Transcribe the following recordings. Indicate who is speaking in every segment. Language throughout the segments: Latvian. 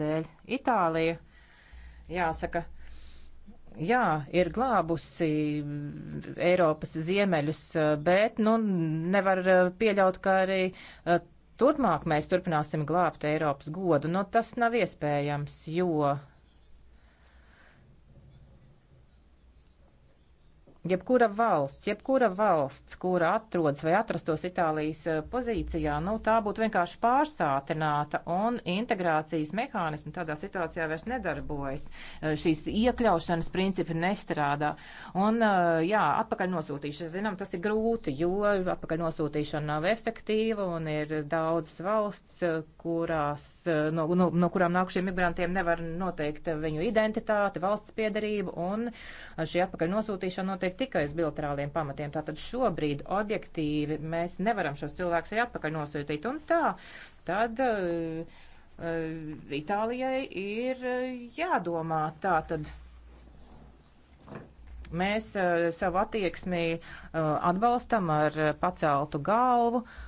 Speaker 1: dēļ. Itālija, jāsaka, jā, ir glābusi Eiropas ziemeļus, bet, nu, nevar eh, pieļaut, ka arī eh, turpmāk mēs turpināsim glābt Eiropas godu. Nu, tas nav iespējams, jo Jebkura valsts, jebkura valsts, kura atrodas vai atrastos Itālijas eh, pozīcijā, nu tā būtu vienkārši pārsātināta un integrācijas mehānismi tādā situācijā vairs nedarbojas. Eh, šīs iekļaušanas principi nestrādā. Un eh, jā, atpakaļ nosūtīšana, zinām, tas ir grūti, jo atpakaļ nosūtīšana nav efektīva un ir daudzas valsts, kurās, no, no, no kurām nākušiem migrantiem nevar noteikt viņu identitāti, valsts piedarību un šī atpakaļ nosūtīšana notiek tikai uz bilaterāliem pamatiem. Tātad šobrīd objektīvi mēs nevaram šos cilvēkus arī atpakaļ nosūtīt. Un tā, tad. Uh, Itālijai ir eh, jādomā tā tad. Mēs savu attieksmi atbalstam ar paceltu galvu, uh,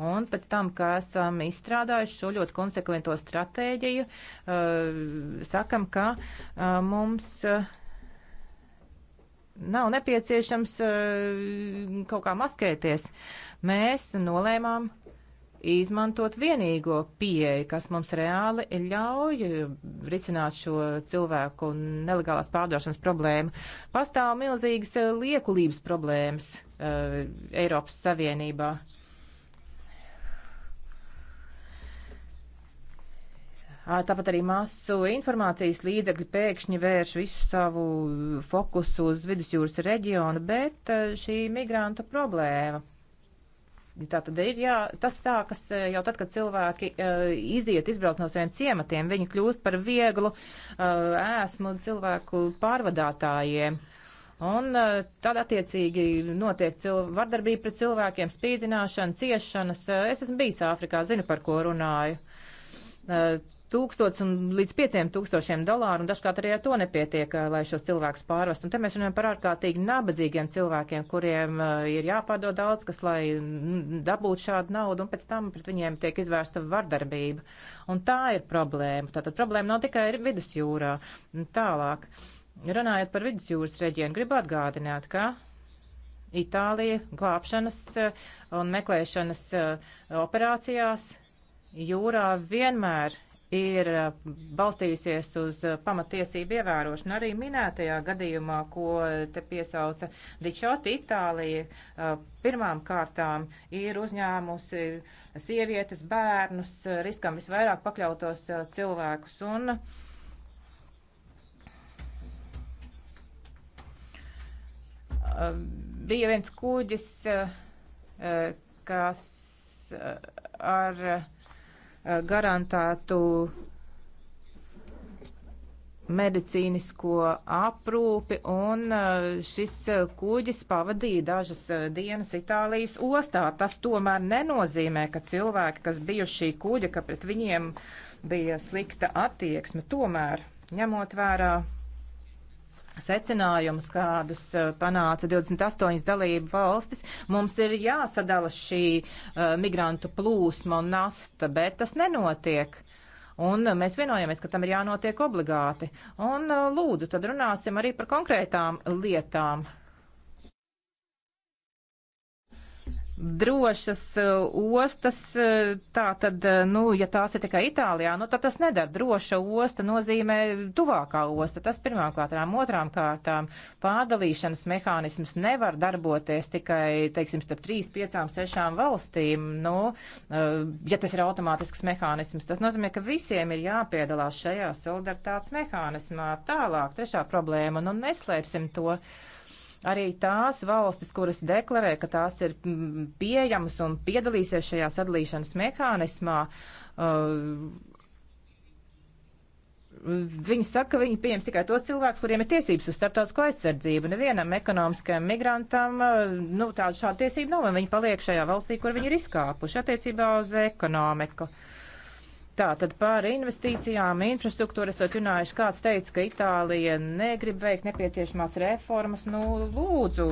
Speaker 1: Un pēc tam, kā esam izstrādājuši šo ļoti konsekvento stratēģiju, eh, sakam, ka eh, mums eh, nav nepieciešams kaut kā maskēties. Mēs nolēmām izmantot vienīgo pieeju, kas mums reāli ļauj risināt šo cilvēku nelegālās pārdošanas problēmu. Pastāv milzīgas liekulības problēmas uh, Eiropas Savienībā. Uh, Tāpat arī masu informācijas līdzekļi pēkšņi vērš visu savu fokusu uz vidusjūras reģionu, bet šī migrantu problēma. Tā tad ir, jā, tas sākas jau tad, kad cilvēki uh, iziet, izbrauc no saviem ciematiem, viņi kļūst par vieglu uh, ēsmu cilvēku pārvadātājiem. Un uh, tad attiecīgi notiek vardarbība pret cilvēkiem, spīdzināšana, ciešanas. Es esmu bijis Āfrikā, zinu, par ko runāju tūkstots un līdz pieciem tūkstošiem dolāru, un dažkārt arī ar to nepietiek, eh, lai šos cilvēkus pārvest. Un te mēs runājam par ārkārtīgi nabadzīgiem cilvēkiem, kuriem eh, ir jāpārdod daudz, kas, lai mm, dabūtu šādu naudu, un pēc tam pret viņiem tiek izvērsta vardarbība. Un tā ir problēma. Tātad problēma nav tikai vidusjūrā. Tālāk, runājot par vidusjūras reģionu, gribu atgādināt, ka Itālija glābšanas eh, un meklēšanas operācijās jūrā vienmēr ir balstījusies uz pamatiesību ievērošanu. Arī minētajā gadījumā, ko te piesauca Dičoti Itālija, pirmām kārtām ir uzņēmusi sievietes, bērnus, riskam visvairāk pakļautos cilvēkus. Un, Bija viens kuģis, kas ar Eh, garantētu medicīnisko aprūpi, un eh, šis eh, kuģis pavadīja dažas dienas Itālijas ostā. Tas tomēr nenozīmē, ka cilvēki, kas bijuši šī kuģa, ka pret viņiem bija slikta attieksme. Tomēr, ņemot vērā secinājumus, kādus eh, panāca 28 dalību valstis, mums ir jāsadala šī uh, migrantu plūsma un nasta, bet tas nenotiek. Un eh, mēs vienojamies, ka tam ir jānotiek obligāti. Un uh, lūdzu, tad runāsim arī par konkrētām lietām. drošas uh, ostas, uh, tā tad, uh, nu, ja tās ir tikai Itālijā, nu, tad tas nedara. Droša osta nozīmē tuvākā osta. Tas pirmām kārtām, otrām kārtām pārdalīšanas mehānisms nevar darboties tikai, teiksim, starp 3, 5, 6 valstīm. Nu, ja tas ir automātisks mehānisms, tas nozīmē, ka visiem ir jāpiedalās šajā solidaritātes mehānismā. Tālāk, trešā problēma, nu, neslēpsim to. Uh, Arī tās valstis, kuras deklarē, ka tās ir pieejamas un piedalīsies šajā sadalīšanas mehānismā, uh, Viņi saka, ka viņi pieņems tikai tos cilvēkus, kuriem ir tiesības uz starptautisko aizsardzību. Nevienam ekonomiskajam migrantam uh, nu, tādu šādu tiesību nav, un viņi paliek šajā valstī, kur viņi ir izkāpuši attiecībā uz ekonomiku. Uh, Tātad par investīcijām, infrastruktūru esat runājuši, kāds teica, ka Itālija negrib veikt nepieciešamās reformas. Nu, lūdzu,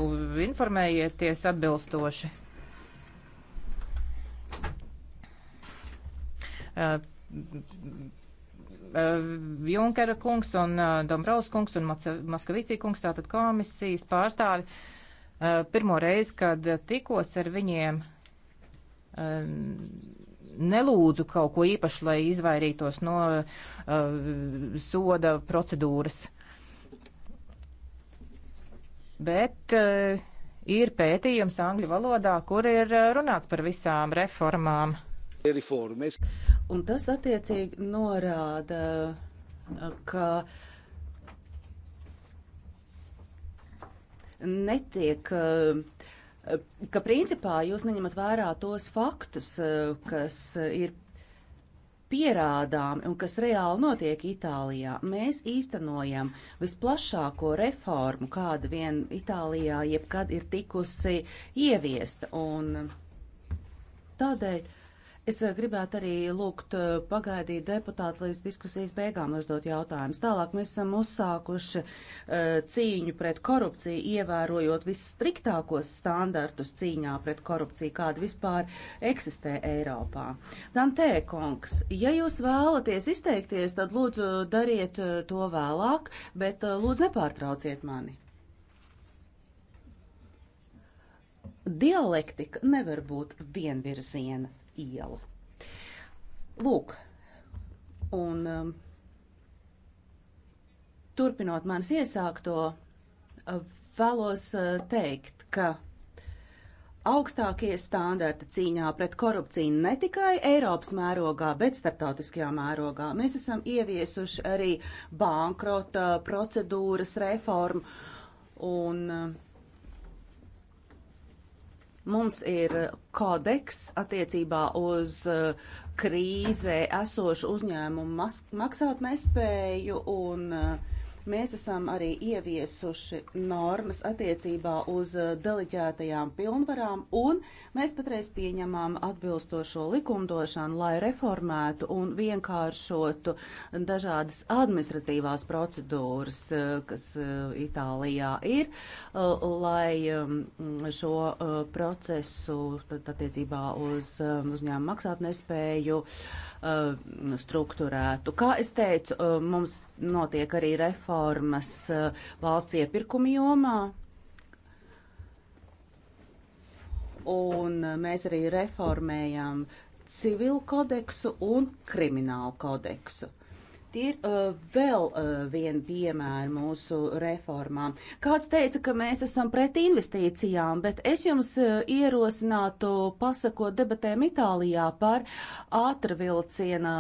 Speaker 1: informējieties atbilstoši. Uh, uh Junkera kungs un uh, Dombrovs kungs un Moskavicī kungs, tātad komisijas pārstāvi, uh, pirmo reizi, kad tikos ar viņiem, nelūdzu kaut ko īpašu, lai izvairītos no uh, soda procedūras. Bet uh, ir pētījums angļu valodā, kur ir uh, runāts par visām reformām.
Speaker 2: Reformes.
Speaker 1: Un tas attiecīgi norāda, uh, ka
Speaker 2: netiek uh, ka principā jūs neņemat vērā tos faktus, eh, kas eh, ir pierādāmi un kas reāli notiek Itālijā. Mēs īstenojam visplašāko reformu, kāda vien Itālijā jebkad ir tikusi ieviesta. Un tādēļ Es eh, gribētu arī lūgt eh, pagaidīt deputāts līdz diskusijas beigām uzdot jautājumus. Tālāk mēs esam uzsākuši eh, cīņu pret korupciju, ievērojot visstriktākos standartus cīņā pret korupciju, kāda vispār eksistē Eiropā. Dantē kungs, ja jūs vēlaties izteikties, tad lūdzu dariet to vēlāk, bet lūdzu nepārtrauciet mani. Dialektika nevar būt vienvirziena ielu. Lūk, un um, turpinot manis iesākto, uh, vēlos uh, teikt, ka augstākie standarti cīņā pret korupciju ne tikai Eiropas mērogā, bet starptautiskajā mērogā. Mēs esam ieviesuši arī bankrota procedūras reformu un uh, Mums ir kodeks attiecībā uz eh, krīzē esošu uzņēmumu maksāt nespēju un uh, Mēs esam arī ieviesuši normas attiecībā uz eh, deleģētajām pilnvarām, un mēs patreiz pieņemam atbilstošo likumdošanu, lai reformētu un vienkāršotu dažādas administratīvās procedūras, eh, kas eh, Itālijā ir, lai ehm, šo procesu attiecībā uz ehm, uzņēmumu maksātnespēju struktūrētu. Kā es teicu, mums notiek arī reforma reformas eh, valsts iepirkuma jomā. Un eh, mēs arī reformējam civilu kodeksu un kriminālu kodeksu. Tie ir uh, vēl uh, viena piemēra mūsu reformām. Kāds teica, ka mēs esam pret investīcijām, bet es jums uh, ierosinātu pasakot debatēm Itālijā par ātrvilciena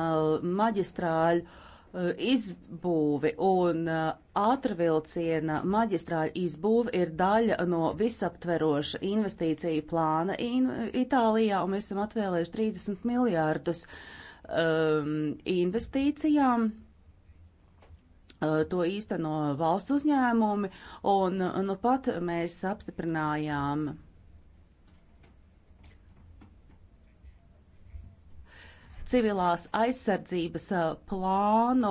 Speaker 2: maģistrāļu Eh, izbūvi un eh, ātrvilciena maģistrāļa izbūve ir daļa no visaptveroša investīciju plāna in Itālijā, un mēs esam atvēlējuši 30 miljārdus um, investīcijām. Uh, to īsteno valsts uzņēmumi, un nu pat mēs apstiprinājām civilās aizsardzības uh, plānu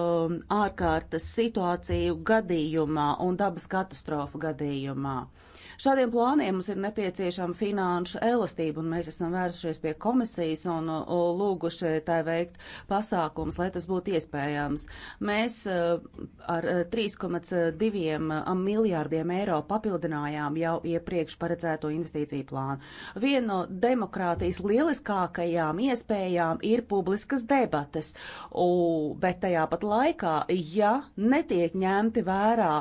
Speaker 2: um, ārkārtas situāciju gadījumā un dabas katastrofu gadījumā. Uh, Šādiem plāniem mums ir nepieciešama finanšu elastība, un mēs esam vērsušies pie komisijas un lūguši tai veikt pasākums, lai tas būtu iespējams. Mēs e, ar 3,2 e, miljārdiem eiro papildinājām jau iepriekš paredzēto investīciju plānu. Viena no demokrātijas lieliskākajām iespējām ir publiskas debates, U, bet tajā pat laikā, ja netiek ņemti vērā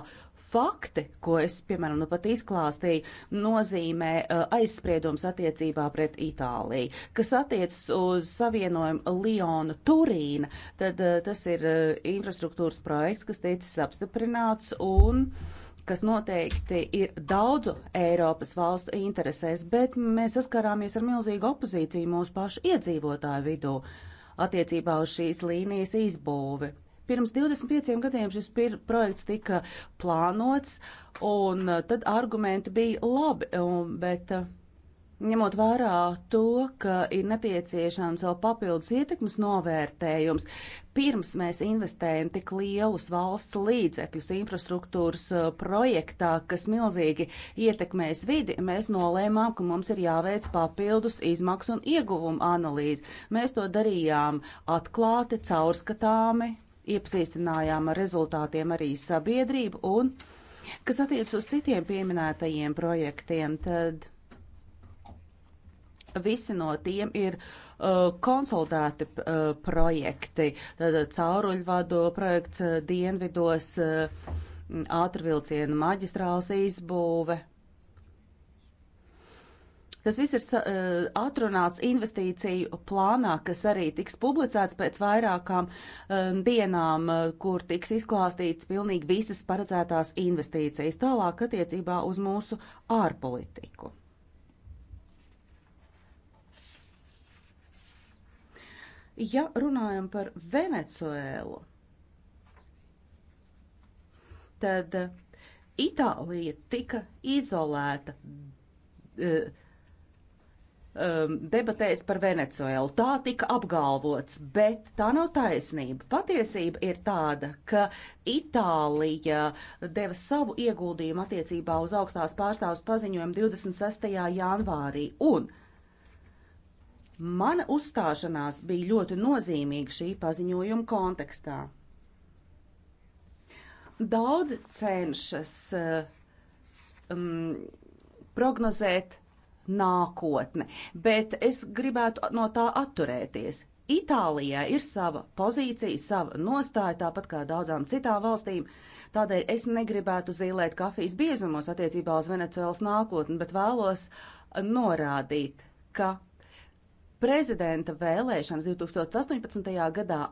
Speaker 2: fakti, ko es, piemēram, nu pat izklāstīju, nozīmē uh, aizspriedums attiecībā pret Itāliju. Kas attiecas uz savienojumu Liona Turīna, tad uh, tas ir uh, infrastruktūras projekts, kas ticis apstiprināts un kas noteikti ir daudzu Eiropas valstu interesēs, bet mēs saskarāmies ar milzīgu opozīciju mūsu pašu iedzīvotāju vidū attiecībā uz šīs līnijas izbūvi. Pirms 25 gadiem šis projekts tika plānots, un uh, tad argumenti bija labi, bet uh, ņemot vērā to, ka ir nepieciešams vēl papildus ietekmes novērtējums, pirms mēs investējam tik lielus valsts līdzekļus infrastruktūras uh, projektā, kas milzīgi ietekmēs vidi, mēs nolēmām, ka mums ir jāveic papildus izmaksu un ieguvumu analīzi. Mēs to darījām atklāti, caurskatāmi iepazīstinājām ar rezultātiem arī sabiedrību un, kas attiec uz citiem pieminētajiem projektiem, tad visi no tiem ir uh, konsultēti uh, projekti. Tad cauruļvado projekts uh, dienvidos, uh, ātrvilcienu maģistrāls izbūve Tas viss ir eh, atrunāts investīciju plānā, kas arī tiks publicēts pēc vairākām eh, dienām, eh, kur tiks izklāstīts pilnīgi visas paredzētās investīcijas tālāk attiecībā uz mūsu ārpolitiku. Ja runājam par Venecuēlu, tad Itālija tika izolēta um, debatēs par Venecuēlu. Tā tika apgalvots, bet tā nav taisnība. Patiesība ir tāda, ka Itālija deva savu ieguldījumu attiecībā uz augstās pārstāvus paziņojumu 26. janvārī. Un mana uzstāšanās bija ļoti nozīmīga šī paziņojuma kontekstā. Daudzi cenšas uh, um, prognozēt nākotne, bet es gribētu no tā atturēties. Itālijai ir sava pozīcija, sava nostāja, tāpat kā daudzām citām valstīm. Tādēļ es negribētu zīlēt kafijas biezumos attiecībā uz Venecuēlas nākotni, bet vēlos norādīt, ka prezidenta vēlēšanas 2018. gadā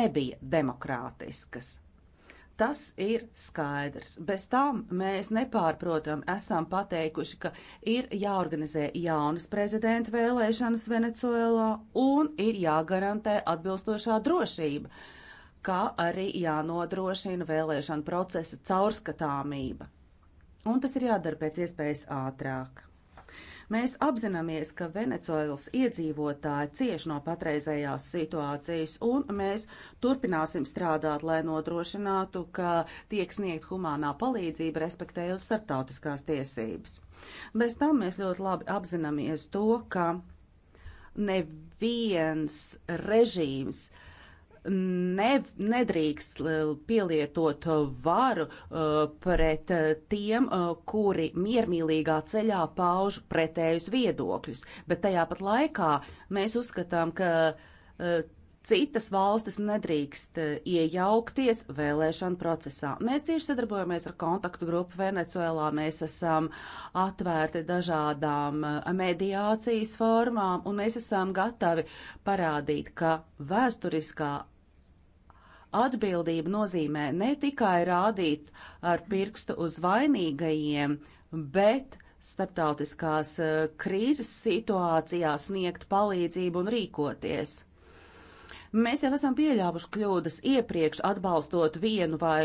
Speaker 2: nebija demokrātiskas. Tas ir skaidrs. Bez tam mēs nepārprotam esam pateikuši, ka ir jāorganizē jaunas prezidenta vēlēšanas Venecuēlā un ir jāgarantē atbilstošā drošība, kā arī jānodrošina vēlēšana procesa caurskatāmība. Un tas ir jādara pēc iespējas ātrāk. Mēs apzināmies, ka Venecuēlas iedzīvotāji cieš no patreizējās situācijas, un mēs turpināsim strādāt, lai nodrošinātu, ka tiek sniegt humānā palīdzība, respektējot starptautiskās tiesības. Bez tam mēs ļoti labi apzināmies to, ka neviens režīms uh, ne, nedrīkst pielietot varu uh, pret uh, tiem, uh, kuri miermīlīgā ceļā pauž pretējus viedokļus. Bet tajā pat laikā mēs uzskatām, ka citas valstis nedrīkst iejaukties vēlēšanu procesā. Mēs cieši sadarbojamies ar kontaktu grupu Venecuēlā, mēs esam atvērti dažādām mediācijas formām un mēs esam gatavi parādīt, ka vēsturiskā Atbildība nozīmē ne tikai rādīt ar pirkstu uz vainīgajiem, bet starptautiskās eh, krīzes situācijā sniegt palīdzību un rīkoties. Mēs jau esam pieļāvuši kļūdas iepriekš atbalstot vienu vai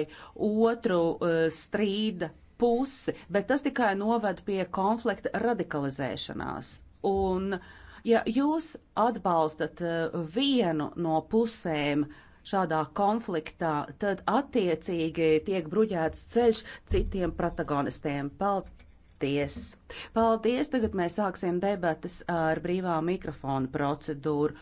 Speaker 2: otru eh, strīda pusi, bet tas tikai noved pie konflikta radikalizēšanās. Un, ja jūs atbalstat eh, vienu no pusēm, uh, šādā konfliktā, tad attiecīgi tiek bruģēts ceļš citiem protagonistiem. Paldies! Paldies! Tagad mēs sāksim debatas ar brīvā mikrofona procedūru.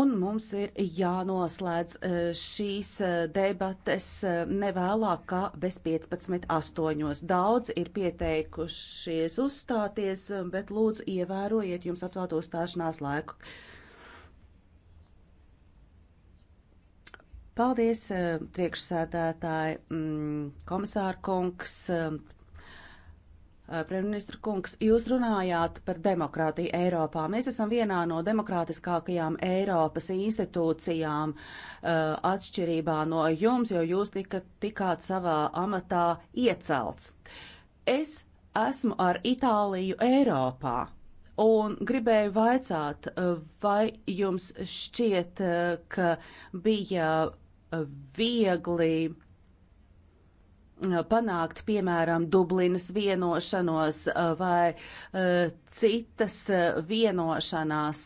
Speaker 2: Un mums ir jānoslēdz eh, šīs eh, debates eh, nevēlāk kā bez 15.8. Daudz ir pieteikušies uzstāties, bet lūdzu ievērojiet jums atvēlto stāšanās laiku. Paldies, eh, priekšsēdētāji, mm, komisāra kungs, eh, premjerministra kungs. Jūs runājāt par demokrātiju Eiropā. Mēs esam vienā no demokrātiskākajām Eiropas institūcijām eh, atšķirībā no jums, jo jūs tika, tikāt savā amatā iecelts. Es esmu ar Itāliju Eiropā un gribēju vaicāt, vai jums šķiet, ka bija viegli panākt, piemēram, Dublinas vienošanos eh, vai eh, citas eh, vienošanās,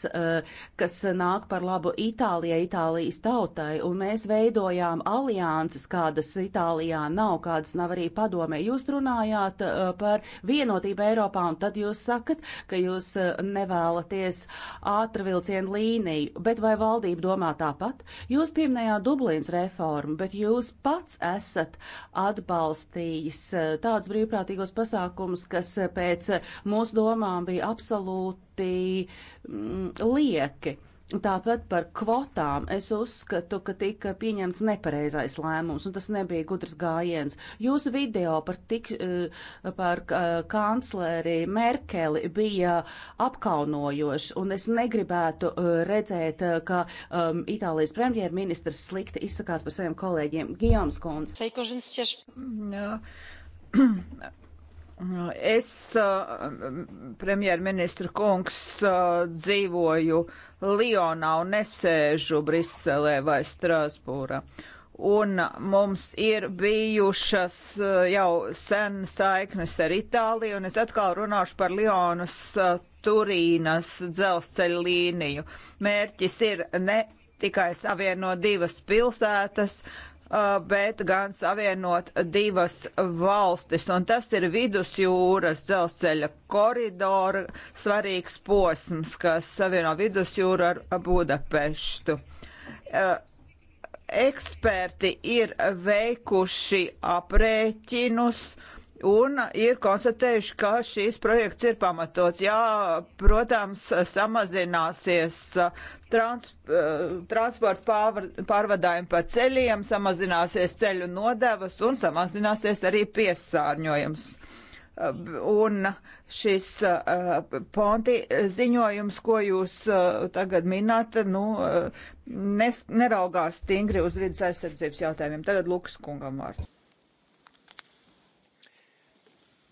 Speaker 2: kas nāk par labu Itālijai, Itālijas tautai, un mēs veidojām alianses, kādas Itālijā nav, kādas nav arī padomē. Jūs runājāt par vienotību Eiropā, un tad jūs sakat, ka jūs nevēlaties ātrvilcienu līniju, bet vai valdība domā tāpat? Jūs pieminējāt Dublinas reformu, bet jūs pats esat atbalstījis atbalstījis tādus brīvprātīgos pasākumus, kas pēc mūsu domām bija absolūti mm, lieki. Tāpat par kvotām es uzskatu, ka tika pieņemts nepareizais lēmums, un tas nebija gudrs gājiens. Jūsu video par, tik, eh, par eh, kancleri Merkeli bija apkaunojošs, un es negribētu eh, redzēt, ka um, Itālijas premjerministrs slikti izsakās par saviem kolēģiem Gijoms Kons. Es,
Speaker 3: eh, premjerministra kungs, eh, dzīvoju Lionā un nesēžu Briselē vai Strasbūrā. Un mums ir bijušas eh, jau sen saiknes ar Itāliju, un es atkal runāšu par Lionas Turīnas dzelzceļa līniju. Mērķis ir ne tikai savienot divas pilsētas, Uh, bet gan savienot divas valstis. Un tas ir vidusjūras dzelzceļa koridora svarīgs posms, kas savieno vidusjūru ar Budapeštu uh, eksperti ir veikuši aprēķinus un ir konstatējuši, ka šīs projekts ir pamatots. Jā, protams, samazināsies uh, trans, uh, transporta pārvadājumi pa ceļiem, samazināsies ceļu nodevas un samazināsies arī piesārņojums. Uh, un šis ponti ziņojums, ko jūs tagad minat, nu, nes, neraugās stingri uz vidas aizsardzības jautājumiem. Tagad Lukas kungam vārds.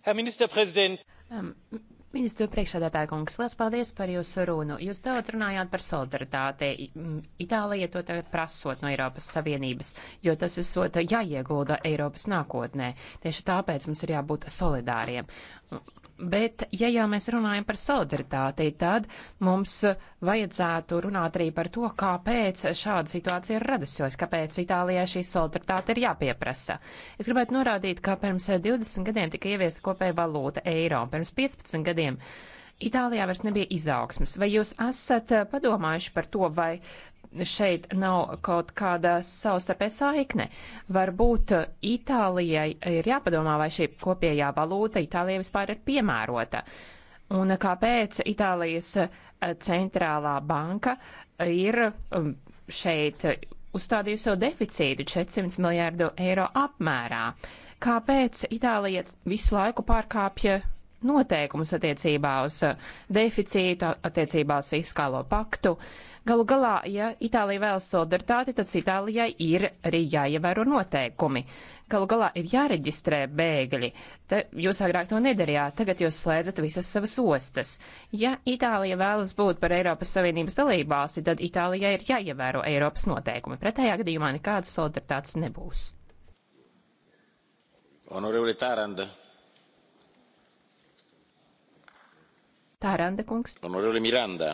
Speaker 1: Herr Ministerpräsident!
Speaker 4: Um, Ministru priekšsēdētāja kungs, liels paldies par jūsu runu. Jūs daudz runājāt par solidaritāti. Itālija to tagad prasot no Eiropas Savienības, jo tas esot jāiegulda Eiropas nākotnē. Tieši tāpēc mums ir jābūt solidāriem. Bet, ja jau mēs runājam par solidaritāti, tad mums vajadzētu runāt arī par to, kāpēc šāda situācija ir radusies, kāpēc Itālijai šī solidaritāte ir jāpieprasa. Es gribētu norādīt, ka pirms 20 gadiem tika ieviesta kopēja valūta eiro, un pirms 15 gadiem Itālijā vairs nebija izaugsmas. Vai jūs esat padomājuši par to, vai šeit nav kaut kāda savstarpē saikne. Varbūt Itālijai ir jāpadomā, vai šī kopējā valūta Itālijai vispār ir piemērota. Un kāpēc Itālijas eh, centrālā banka ir um, šeit uzstādījusi savu deficītu 400 miljārdu eiro apmērā? Kāpēc Itālija visu laiku pārkāpja noteikumus attiecībā uz eh, deficītu, attiecībā uz fiskālo paktu? Uh, Galu galā, ja Itālija vēlas solidaritāti, tad Itālijai ir arī jāievēro noteikumi. Galu galā ir jāreģistrē bēgļi. Te jūs agrāk to nedarījāt, tagad jūs slēdzat visas savas ostas. Ja Itālija vēlas būt par Eiropas Savienības dalībvalsti, tad Itālijai ir jāievēro Eiropas noteikumi. Pretējā gadījumā nekādas solidaritātes nebūs.
Speaker 1: Honorevole Taranda.
Speaker 4: Taranda kungs.
Speaker 1: Honorevole Miranda.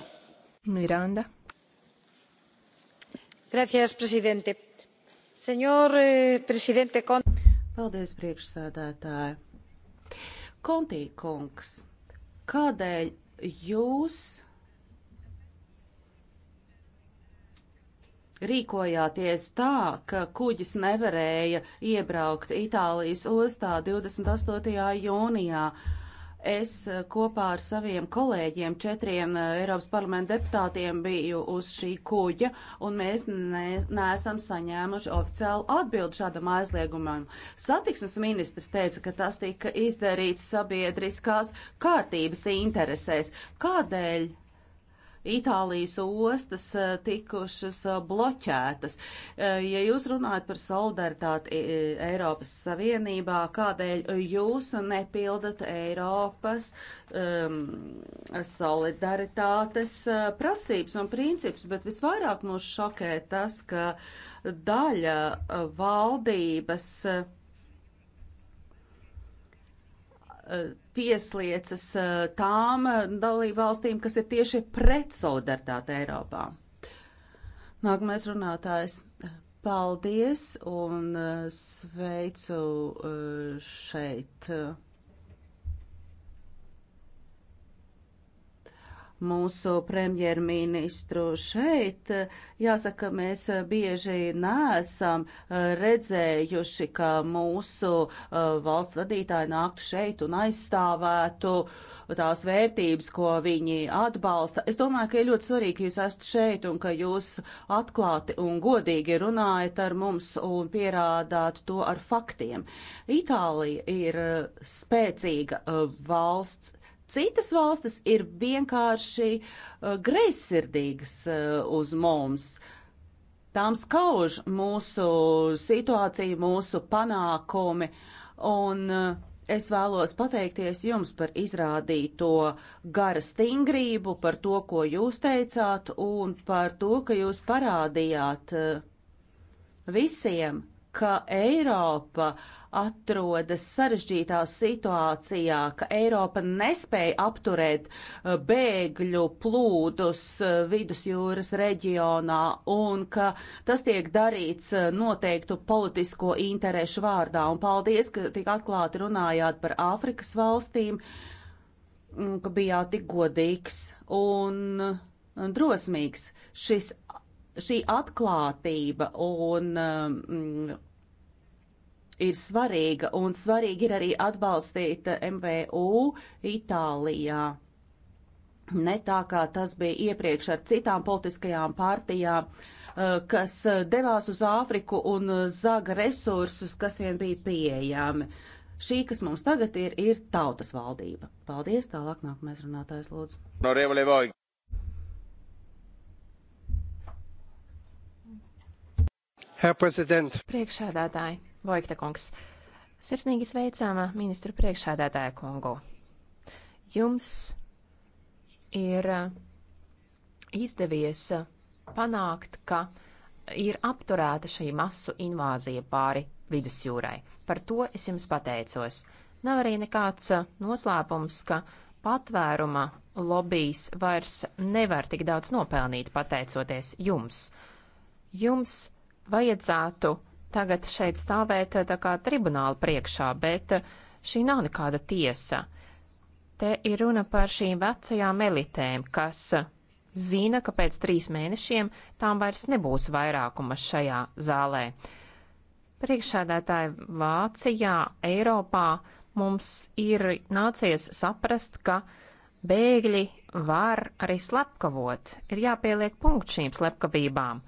Speaker 4: Miranda. Gracias, presidente. Senor eh,
Speaker 2: presidente Konti. Paldies, priekšsēdētāji. Konti kungs, kādēļ jūs rīkojāties tā, ka kuģis nevarēja iebraukt Itālijas ostā 28. jūnijā? Es eh, kopā ar saviem kolēģiem, četriem eh, Eiropas parlamenta deputātiem, biju uz šī kuģa, un mēs ne, neesam saņēmuši oficiālu atbildi šādam aizliegumam. Satiksmes ministrs teica, ka tas tika izdarīts sabiedriskās kārtības interesēs. Kādēļ Itālijas ostas eh, tikušas eh, bloķētas. Eh, ja jūs runājat par solidaritāti Eiropas Savienībā, kādēļ jūs nepildat Eiropas um, solidaritātes prasības un principus, bet visvairāk mūs šokē tas, ka daļa valdības uh, piesliecas eh, tām eh, dalību valstīm, kas ir tieši pret solidaritāti Eiropā. Nākamais runātājs. Paldies un eh, sveicu šeit mūsu premjerministru šeit, jāsaka, mēs bieži neesam uh, redzējuši, ka mūsu uh, valsts vadītāji nāktu šeit un aizstāvētu tās vērtības, ko viņi atbalsta. Es domāju, ka ir ļoti svarīgi, ka jūs esat šeit un ka jūs atklāti un godīgi runājat ar mums un pierādāt to ar faktiem. Itālija ir uh, spēcīga valsts Citas valstis ir vienkārši uh, greizsirdīgas uh, uz mums. Tām skauž mūsu situācija, mūsu panākumi, un uh, es vēlos pateikties jums par izrādīto gara stingrību, par to, ko jūs teicāt, un par to, ka jūs parādījāt uh, visiem, ka Eiropa atrodas sarežģītā situācijā, ka Eiropa nespēja apturēt uh, bēgļu plūdus uh, vidusjūras reģionā un ka tas tiek darīts uh, noteiktu politisko interešu vārdā. Un paldies, ka tik atklāti runājāt par Āfrikas valstīm, mm, ka bijāt tik godīgs un drosmīgs. Šis, šī atklātība un um, ir svarīga, un svarīgi ir arī atbalstīt MVU Itālijā. Ne tā kā tas bija iepriekš ar citām politiskajām pārtijām, eh, kas devās uz Āfriku un zaga resursus, kas vien bija pieejami. Šī, kas mums tagad ir, ir tautas valdība. Paldies, tālāk nākamais runātājs lūdzu.
Speaker 3: No
Speaker 2: Herr Präsident.
Speaker 4: Priekšādātāji. Boikta kungs. Sirsnīgi sveicām ministru priekšādātāju kungu. Jums ir uh, izdevies uh, panākt, ka ir apturēta šī masu invāzija pāri vidusjūrai. Par to es jums pateicos. Nav arī nekāds uh, noslēpums, ka patvēruma lobijs vairs nevar tik daudz nopelnīt pateicoties jums. Jums vajadzētu tagad šeit stāvēt eh, tā kā tribunāla priekšā, bet eh, šī nav nekāda tiesa. Te ir runa par šīm vecajām elitēm, kas eh, zina, ka pēc trīs mēnešiem tām vairs nebūs vairākuma šajā zālē. Priekšsēdētāji Vācijā, Eiropā mums ir nācies saprast, ka bēgļi var arī slepkavot. Ir jāpieliek punkts šīm slepkavībām.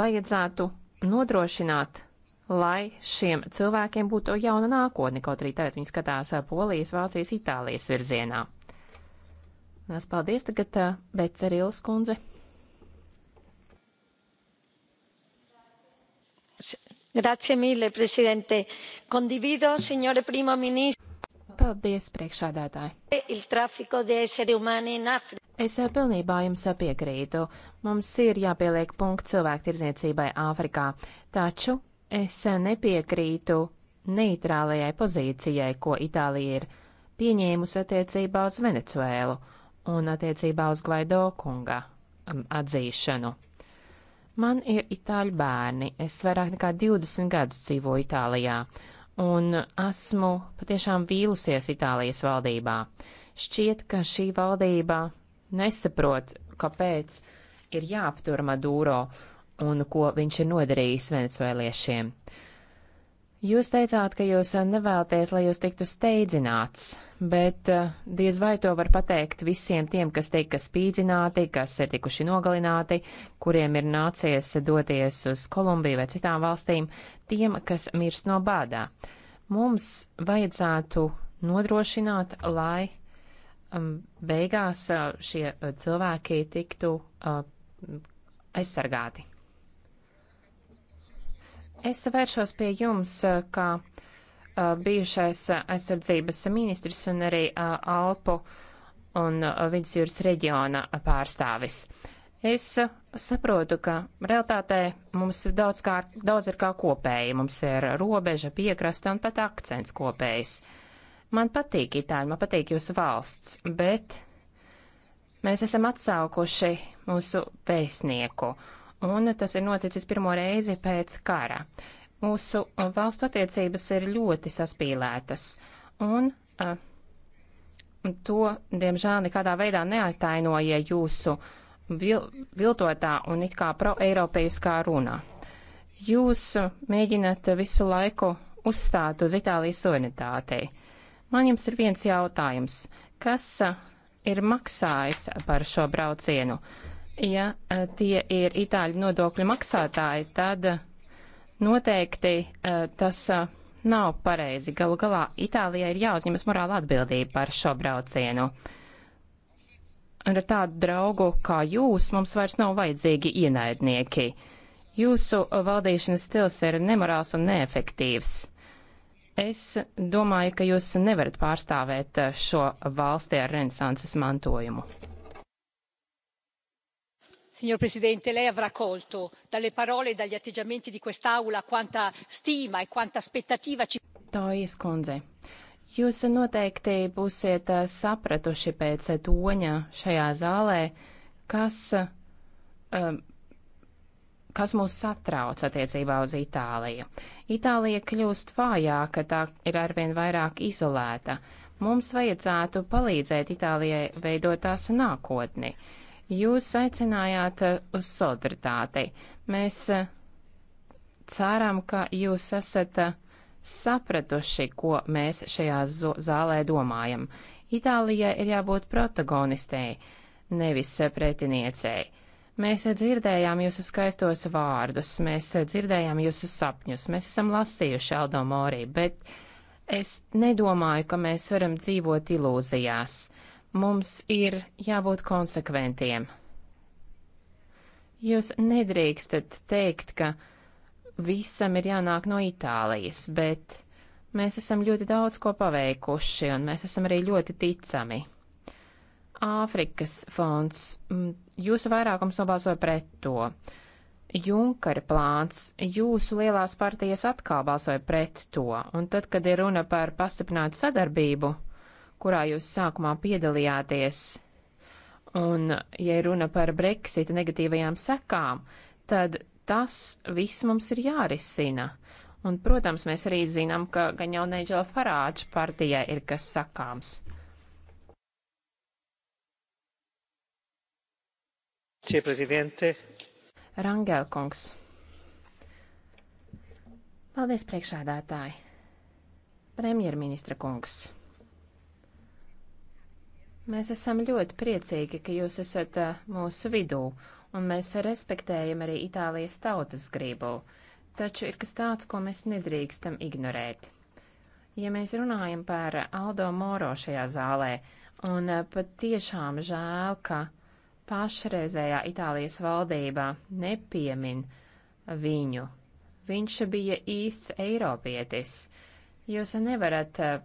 Speaker 4: Vajadzētu nodrošināt, lai šiem cilvēkiem būtu jauna nākotne, kaut arī tagad viņi skatās Polijas, Vācijas, Itālijas virzienā. Lielas paldies tagad, bet Cerīlas kundze. Grazie mille, presidente. Condivido, signore primo ministro. Paldies, priekšādātāji. Il traffico di esseri umani in Afrika. Es eh, pilnībā jums eh, piekrītu. Mums ir jāpieliek punkts cilvēktirdzniecībai Āfrikā, taču es eh, nepiekrītu neitrālajai pozīcijai, ko Itālija ir pieņēmusi attiecībā uz Venecuēlu un attiecībā uz Gvaido kunga mm, atzīšanu. Man ir itāļu bērni, es vairāk nekā 20 gadus dzīvoju Itālijā, un esmu patiešām vīlusies Itālijas valdībā. Šķiet, ka šī valdība nesaprot, kāpēc ir jāaptur Maduro un ko viņš ir nodarījis venecuēliešiem. Jūs teicāt, ka jūs nevēlaties, lai jūs tiktu steidzināts, bet eh, diez vai to var pateikt visiem tiem, kas tika spīdzināti, kas ir tikuši nogalināti, kuriem ir nācies doties uz Kolumbiju vai citām valstīm, tiem, kas mirst no bādā. Mums vajadzētu nodrošināt, lai Um, beigās uh, šie uh, cilvēki tiktu uh, aizsargāti. Es vēršos pie jums, kā bijušais aizsardzības ministrs un arī Alpu un Vidusjūras reģiona pārstāvis. Es saprotu, ka realitātē mums daudz, kā, daudz ir kā kopēji. Mums ir robeža, piekrasta un pat akcents kopējs. Uh, Man patīk Itāļi, man patīk jūsu valsts, bet mēs esam atsaukuši mūsu vēstnieku, un tas ir noticis pirmo reizi pēc kara. Mūsu valstu attiecības ir ļoti saspīlētas, un a, to, diemžēl, nekādā veidā neattainoja jūsu vil, viltotā un it kā pro-eiropeiskā runā. Jūs mēģināt visu laiku uzstāt uz Itālijas suverenitātei. Man jums ir viens jautājums. Kas ir maksājis par šo braucienu? Ja tie ir itāļu nodokļu maksātāji, tad noteikti tas nav pareizi. Galu galā Itālijai ir jāuzņemas morāla atbildība par šo braucienu. Ar tādu draugu kā jūs mums vairs nav vajadzīgi ienaidnieki. Jūsu valdīšanas stils ir nemorāls un neefektīvs. Es domāju, ka jūs nevarat pārstāvēt eh, šo valsti ar renesanses mantojumu.
Speaker 1: Signor Presidente, lei avrà colto dalle parole e dagli atteggiamenti di quest'Aula quanta stima e quanta aspettativa ci.
Speaker 4: Tojas kundze, jūs noteikti būsiet eh, sapratuši pēc toņa šajā zālē, kas um, kas mūs satrauc attiecībā uz Itāliju. Itālija kļūst vājāka, tā ir arvien vairāk izolēta. Mums vajadzētu palīdzēt Itālijai veidot tās nākotni. Jūs aicinājāt uh, uz solidaritāti. Mēs uh, ceram, ka jūs esat uh, sapratuši, ko mēs šajā zālē domājam. Itālijai ir jābūt protagonistei, nevis pretiniecei. Mēs dzirdējām jūsu skaistos vārdus, mēs dzirdējām jūsu sapņus, mēs esam lasījuši Aldo Morī, bet es nedomāju, ka mēs varam dzīvot ilūzijās. Mums ir jābūt konsekventiem. Jūs nedrīkstat teikt, ka visam ir jānāk no Itālijas, bet mēs esam ļoti daudz ko paveikuši un mēs esam arī ļoti ticami. Āfrikas fonds. Mm, jūsu vairākums nobalsoja pret to. Junkara plāns. Jūsu lielās partijas atkal balsoja pret to. Un tad, kad ir runa par pastiprinātu sadarbību, kurā jūs sākumā piedalījāties, un, ja runa par Brexita negatīvajām sekām, tad tas viss mums ir jārisina. Un, protams, mēs arī zinām, ka gan jau Neģela Farāča partijai ir kas sakāms.
Speaker 3: Cie prezidente.
Speaker 4: Rangelkungs. Paldies, priekšādātāji. Premjerministra kungs. Mēs esam ļoti priecīgi, ka jūs esat eh, mūsu vidū, un mēs respektējam arī Itālijas tautas gribu. Taču ir kas tāds, ko mēs nedrīkstam ignorēt ja mēs runājam par Aldo Moro šajā zālē, un eh, pat tiešām žēl, ka pašreizējā Itālijas valdībā nepiemin viņu. Viņš bija īsts eiropietis. Jūs nevarat eh,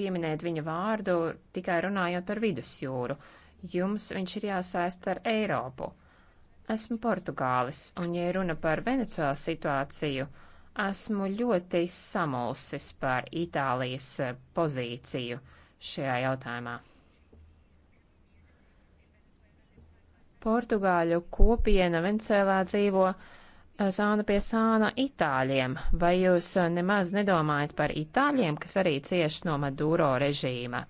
Speaker 4: pieminēt viņa vārdu tikai runājot par vidusjūru. Jums viņš ir jāsaist ar Eiropu. Esmu Portugālis, un, ja runa par Venecuēlas situāciju, esmu ļoti samulsis par Itālijas eh, pozīciju šajā jautājumā. Portugāļu kopiena Venecijā dzīvo sāna eh, pie sāna Itāļiem. Vai jūs eh, nemaz nedomājat par Itāļiem, kas arī cieši no Maduro režīma?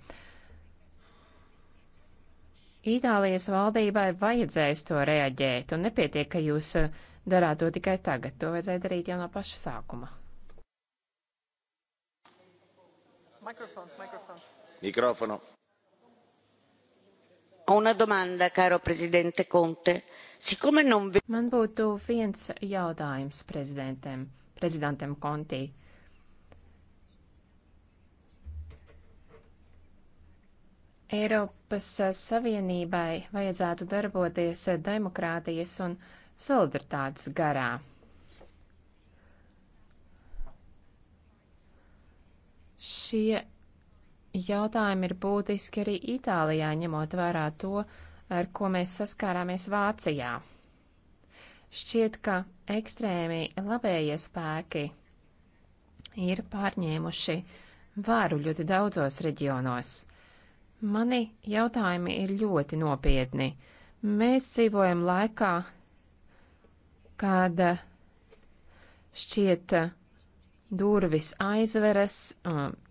Speaker 4: Itālijas valdībai vajadzēs to reaģēt, un nepietiek, ka jūs eh, darāt to tikai tagad. To vajadzēja darīt jau no paša sākuma.
Speaker 1: Mikrofonu. Mikrofonu. Mikrofonu.
Speaker 4: Ho una domanda, caro prezidente Conte. Siccome non... Man būtu viens jautājums prezidentam, prezidentam Kontī. Eiropas Savienībai vajadzētu darboties demokrātijas un solidaritātes garā. Šie jautājumi ir būtiski arī Itālijā, ņemot vērā to, ar ko mēs saskārāmies Vācijā. Šķiet, ka ekstrēmi labējie spēki ir pārņēmuši varu ļoti daudzos reģionos. Mani jautājumi ir ļoti nopietni. Mēs dzīvojam laikā, kad šķiet durvis aizveras,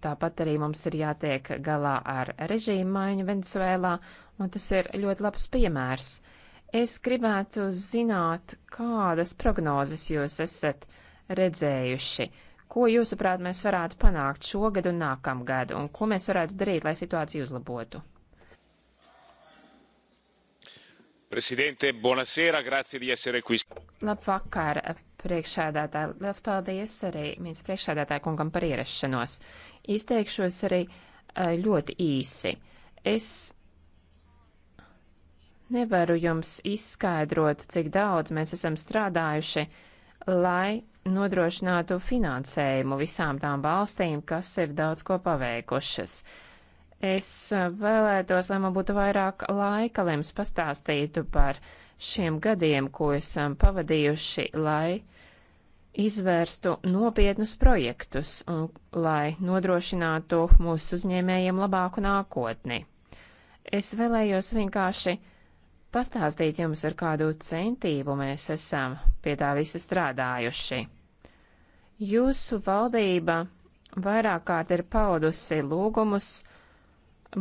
Speaker 4: tāpat arī mums ir jātiek galā ar režīmu maiņu Venezuelā, un tas ir ļoti labs piemērs. Es gribētu zināt, kādas prognozes jūs esat redzējuši, ko jūsuprāt mēs varētu panākt šogad un nākamgad, un ko mēs varētu darīt, lai situāciju uzlabotu.
Speaker 2: Presidente, buonasera, grazie di essere qui.
Speaker 4: Labvakar, priekšādātāji. Liels paldies arī mīnas priekšādātāju kungam par ierašanos. Izteikšos arī eh, ļoti īsi. Es nevaru jums izskaidrot, cik daudz mēs esam strādājuši, lai nodrošinātu finansējumu visām tām valstīm, kas ir daudz ko paveikušas. Es eh, vēlētos, lai man būtu vairāk laika, lai jums pastāstītu par šiem gadiem, ko esam pavadījuši, lai izvērstu nopietnus projektus un lai nodrošinātu mūsu uzņēmējiem labāku nākotni. Es vēlējos vienkārši pastāstīt jums, ar kādu centību mēs esam pie tā visa strādājuši. Jūsu valdība vairāk kārt ir paudusi lūgumus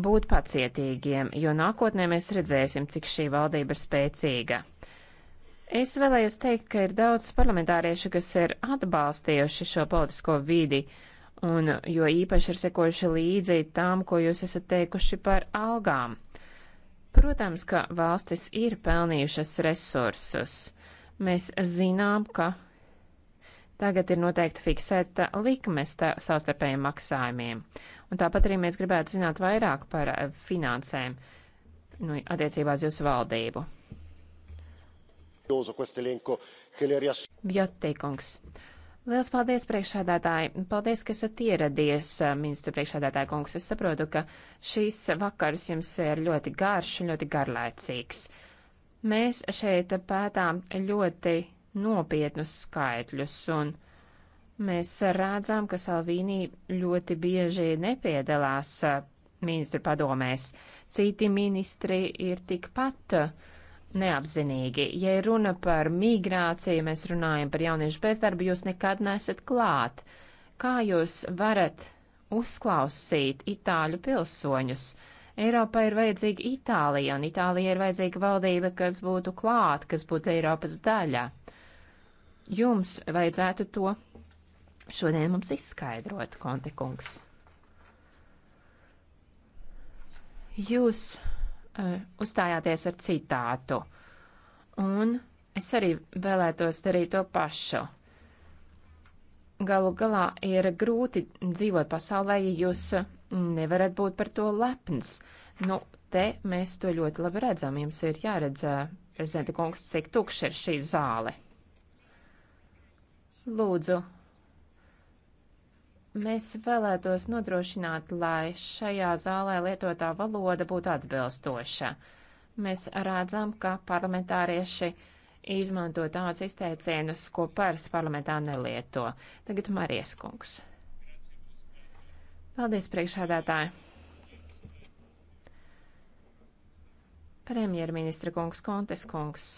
Speaker 4: būt pacietīgiem, jo nākotnē mēs redzēsim, cik šī valdība ir spēcīga. Es vēlējos teikt, ka ir daudz parlamentāriešu, kas ir atbalstījuši šo politisko vidi, un jo īpaši ir sekojuši līdzi tām, ko jūs esat teikuši par algām. Protams, ka valstis ir pelnījušas resursus. Mēs zinām, ka tagad ir noteikti fiksēta likmes savstarpējiem maksājumiem, un tāpat arī mēs gribētu zināt vairāk par finansēm nu, attiecībās jūsu valdību.
Speaker 2: Vjotteikungs.
Speaker 4: Liels paldies, priekšsēdētāji! Paldies, ka esat ieradies, eh, ministra priekšsēdētāja kungs. Es saprotu, ka šīs vakars jums ir ļoti garš un ļoti garlaicīgs. Mēs šeit pētām ļoti nopietnus skaitļus, un mēs rādzām, ka Salvīnī ļoti bieži nepiedalās eh, ministru padomēs. Citi ministri ir tikpat uh, neapzinīgi. Ja runa par migrāciju, mēs runājam par jauniešu bezdarbu, jūs nekad nesat klāt. Kā jūs varat uzklausīt itāļu pilsoņus? Eiropai ir vajadzīga Itālija, un Itālija ir vajadzīga valdība, kas būtu klāt, kas būtu Eiropas daļa. Jums vajadzētu to šodien mums izskaidrot, Kontekungs. Jūs E, uzstājāties ar citātu. Un es arī vēlētos darīt to pašu. Galu galā ir grūti dzīvot pasaulē, ja jūs nevarat būt par to lepns. Nu, te mēs to ļoti labi redzam. Jums ir jāredz, e, prezidenta kungs, cik tukša ir šī zāle. Lūdzu, Mēs vēlētos nodrošināt, lai šajā zālē lietotā valoda būtu atbilstoša. Mēs redzam, ka parlamentārieši izmanto tādus izteicienus, ko pāris parlamentā nelieto. Tagad Marijas kungs. Paldies, priekšādātāji! Premjerministra kungs, Kontes kungs.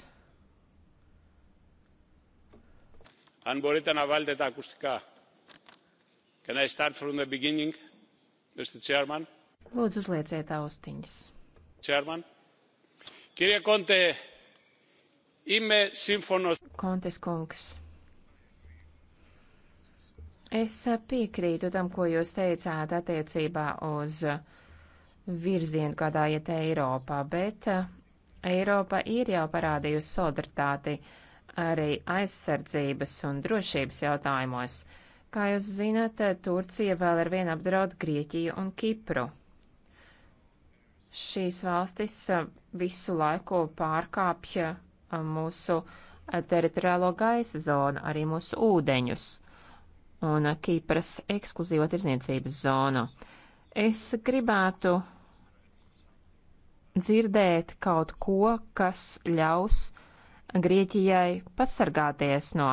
Speaker 2: Αν μπορείτε να βάλετε τα ακουστικά. Can I start from the beginning, Mr. Chairman?
Speaker 4: Lūdzu, uzlieciet austiņas.
Speaker 2: Chairman. Kirja Konte, ime
Speaker 4: simfonos. Kontes kungs. Es piekrītu tam, ko jūs teicāt attiecībā uz virzienu, kādā iet Eiropā, bet eh, Eiropa ir jau parādījusi solidaritāti arī aizsardzības un drošības jautājumos. Kā jūs zināt, Turcija vēl ar vienu apdraud Grieķiju un Kipru. Šīs valstis visu laiku pārkāpja mūsu teritoriālo gaisa zonu, arī mūsu ūdeņus un Kipras ekskluzīvo tirzniecības zonu. Es gribētu dzirdēt kaut ko, kas ļaus Grieķijai pasargāties no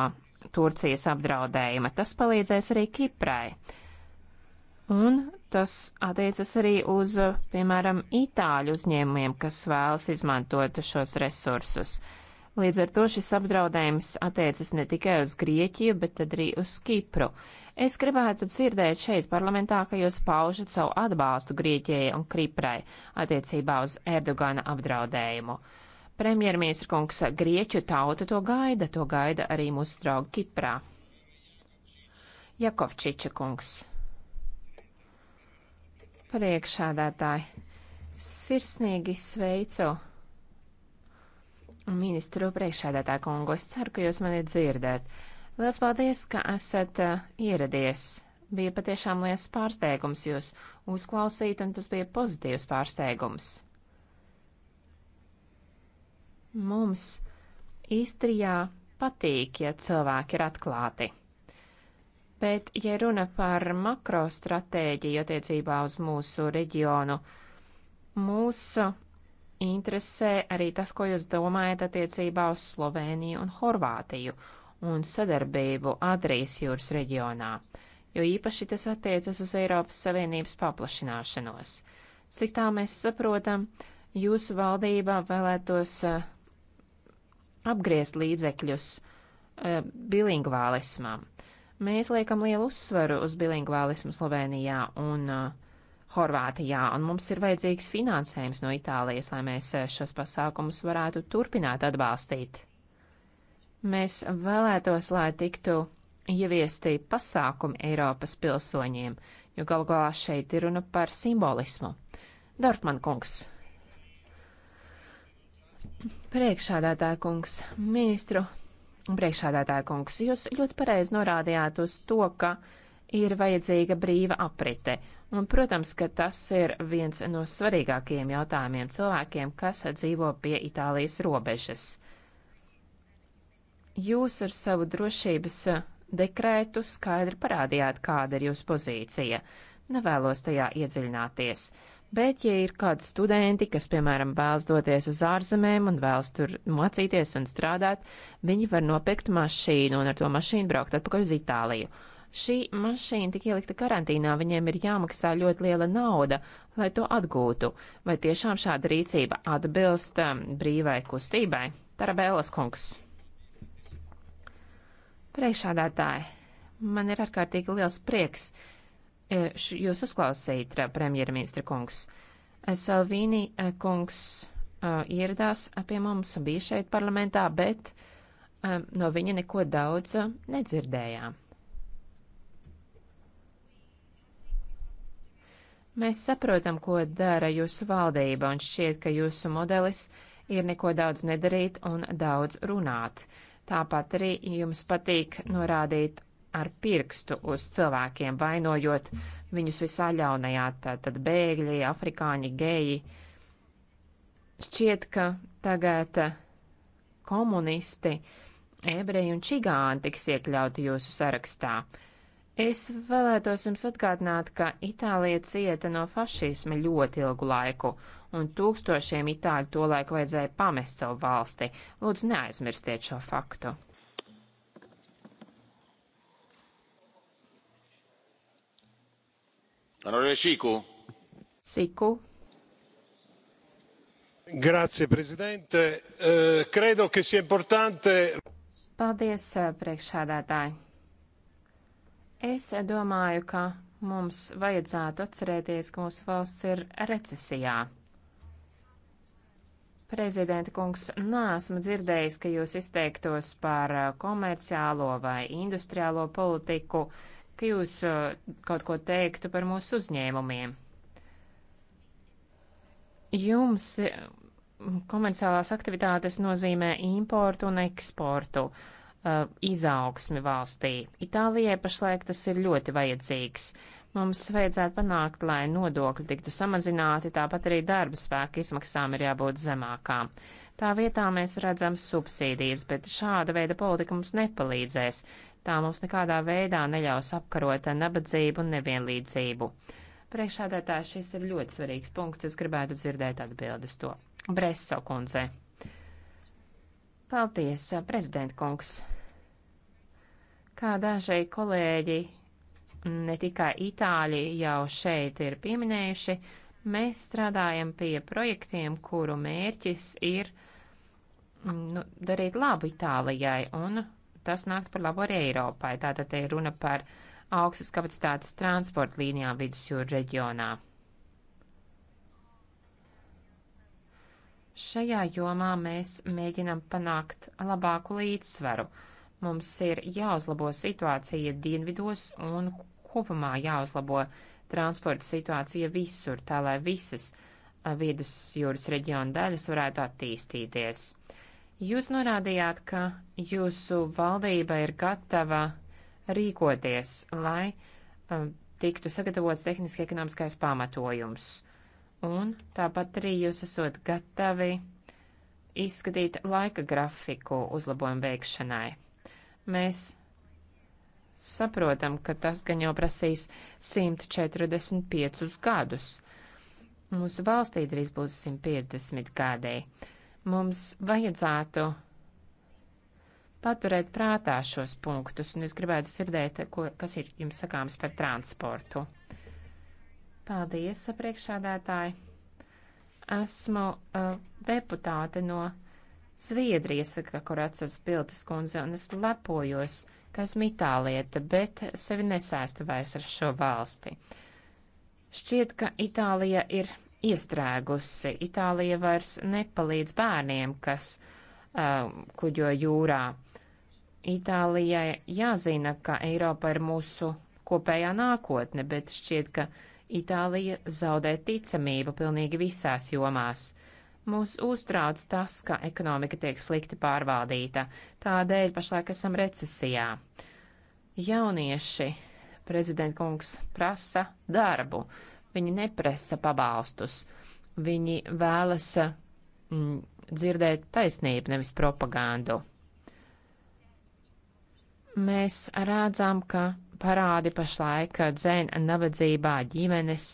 Speaker 4: Turcijas apdraudējuma. Tas palīdzēs arī Kiprai. Un tas attiecas arī uz, piemēram, itāļu uzņēmumiem, kas vēlas izmantot šos resursus. Līdz ar to šis apdraudējums attiecas ne tikai uz Grieķiju, bet arī uz Kipru. Es gribētu dzirdēt šeit parlamentā, ka jūs paužat savu atbalstu Grieķijai un Kiprai attiecībā uz Erdogana apdraudējumu. Premjerministra kungs, Grieķu tauta to gaida, to gaida arī mūsu draugi Kiprā. Jakovčiča kungs. Priekšādātāji, sirsnīgi sveicu ministru priekšādātāju kungu. Es ceru, ka jūs mani dzirdat. Lielas paldies, ka esat uh, ieradies. Bija patiešām liels pārsteigums jūs uzklausīt, un tas bija pozitīvs pārsteigums. Mums Īstrijā patīk, ja cilvēki ir atklāti. Bet, ja runa par makrostratēģiju attiecībā uz mūsu reģionu, mūsu interesē arī tas, ko jūs domājat attiecībā uz Sloveniju un Horvātiju un sadarbību Adrijas jūras reģionā, jo īpaši tas attiecas uz Eiropas Savienības paplašināšanos. Cik tā mēs saprotam, jūsu valdība vēlētos apgriezt līdzekļus e, bilingvālismam. Mēs liekam lielu uzsvaru uz bilingvālismu Slovenijā un e, Horvātijā, un mums ir vajadzīgs finansējums no Itālijas, lai mēs e, šos pasākumus varētu turpināt atbalstīt. Mēs vēlētos, lai tiktu ieviesti pasākumi Eiropas pilsoņiem, jo galu galā šeit ir runa par simbolismu. Dortman kungs, Priekšādātāja kungs, ministru un priekšādātāja kungs, jūs ļoti pareizi norādījāt uz to, ka ir vajadzīga brīva aprite. Un, protams, ka tas ir viens no svarīgākajiem jautājumiem cilvēkiem, kas dzīvo pie Itālijas robežas. Jūs ar savu drošības dekrētu skaidri parādījāt, kāda ir jūsu pozīcija. Nevēlos tajā iedziļināties. Bet, ja ir kādi studenti, kas, piemēram, vēlas doties uz ārzemēm un vēlas tur mocīties un strādāt, viņi var nopirkt mašīnu un ar to mašīnu braukt atpakaļ uz Itāliju. Šī mašīna tika ielikta karantīnā, viņiem ir jāmaksā ļoti liela nauda, lai to atgūtu. Vai tiešām šāda rīcība atbilst um, brīvai kustībai? Tarabēlas kungs. Priekšādātāji, man ir ārkārtīgi liels prieks E, jūs uzklausīt, premjerministra kungs. E, Salvīni e, kungs ieradās pie mums, bija šeit parlamentā, bet no viņa neko daudz nedzirdējām. Mēs saprotam, ko dara jūsu valdība, un šķiet, ka jūsu modelis ir neko daudz nedarīt un daudz runāt. Tāpat arī jums patīk norādīt ar pirkstu uz cilvēkiem, vainojot viņus visā ļaunajā, tad bēgļi, afrikāņi, geji. Šķiet, ka tagad komunisti, ebreji un čigāni tiks iekļauti jūsu sarakstā. Es vēlētos jums atgādināt, ka Itālija cieta no fašisma ļoti ilgu laiku, un tūkstošiem itāļu tolaik vajadzēja pamest savu valsti. Lūdzu, neaizmirstiet šo faktu.
Speaker 3: Onorevole Siku.
Speaker 4: Siku. Grazie, prezidente. Uh, eh, credo, ka sia importante. Paldies, eh, priekšsādātāji. Es eh, domāju, ka mums vajadzētu atcerēties, ka mūsu valsts ir recesijā. Prezidenta kungs, nāsmu dzirdējis, ka jūs izteiktos par komerciālo vai industriālo politiku. Uh, ka jūs uh, kaut ko teiktu par mūsu uzņēmumiem. Jums uh, komerciālās aktivitātes nozīmē importu un eksportu, uh, izaugsmi valstī. Itālijai pašlaik tas ir ļoti vajadzīgs. Mums vajadzētu panākt, lai nodokļi tiktu samazināti, tāpat arī darba spēka izmaksām ir jābūt zemākām. Tā vietā mēs redzam subsīdijas, bet šāda veida politika mums nepalīdzēs. Tā mums nekādā veidā neļaus apkarot nabadzību un nevienlīdzību. Priekšādētāji, šis ir ļoti svarīgs punkts, es gribētu dzirdēt atbildes to. Breso kundze. Paldies, prezident kungs. Kā daži kolēģi, ne tikai itāļi, jau šeit ir pieminējuši, mēs strādājam pie projektiem, kuru mērķis ir mm, nu, darīt labu Itālijai un tas nākt par labu arī Eiropai. Tātad te ir runa par augstas kapacitātes transporta līnijām vidusjūra reģionā. Šajā jomā mēs mēģinam panākt labāku līdzsvaru. Mums ir jāuzlabo situācija dienvidos un kopumā jāuzlabo transporta situācija visur, tā lai visas vidusjūras reģiona daļas varētu attīstīties. Jūs norādījāt, ka jūsu valdība ir gatava rīkoties, lai um, tiktu sagatavots tehniski ekonomiskais pamatojums. Un tāpat arī jūs esat gatavi izskatīt laika grafiku uzlabojumu veikšanai. Mēs saprotam, ka tas gan jau prasīs 145 gadus. Mūsu valstī drīz būs 150 gadēji. Mums vajadzētu paturēt prātā šos punktus, un es gribētu sirdēt, ko, kas ir jums sakāms par transportu. Paldies, priekšādētāji! Esmu uh, deputāte no Zviedrijas, kur atsas Bildes kundze, un es lepojos, ka esmu itālieta, bet sevi nesēstu vairs ar šo valsti. Šķiet, ka Itālija ir iestrēgusi. Itālija vairs nepalīdz bērniem, kas uh, kuģo jūrā. Itālijai jāzina, ka Eiropa ir mūsu kopējā nākotne, bet šķiet, ka Itālija zaudē ticamību pilnīgi visās jomās. Mūs uztrauc tas, ka ekonomika tiek slikti pārvaldīta, tādēļ pašlaik esam recesijā. Jaunieši, prezidentkungs, prasa darbu Viņi neprasa pabalstus. Viņi vēlas mm, dzirdēt taisnību, nevis propagandu. Mēs rādzām, ka parādi pašlaik dzēna nabadzībā ģimenes,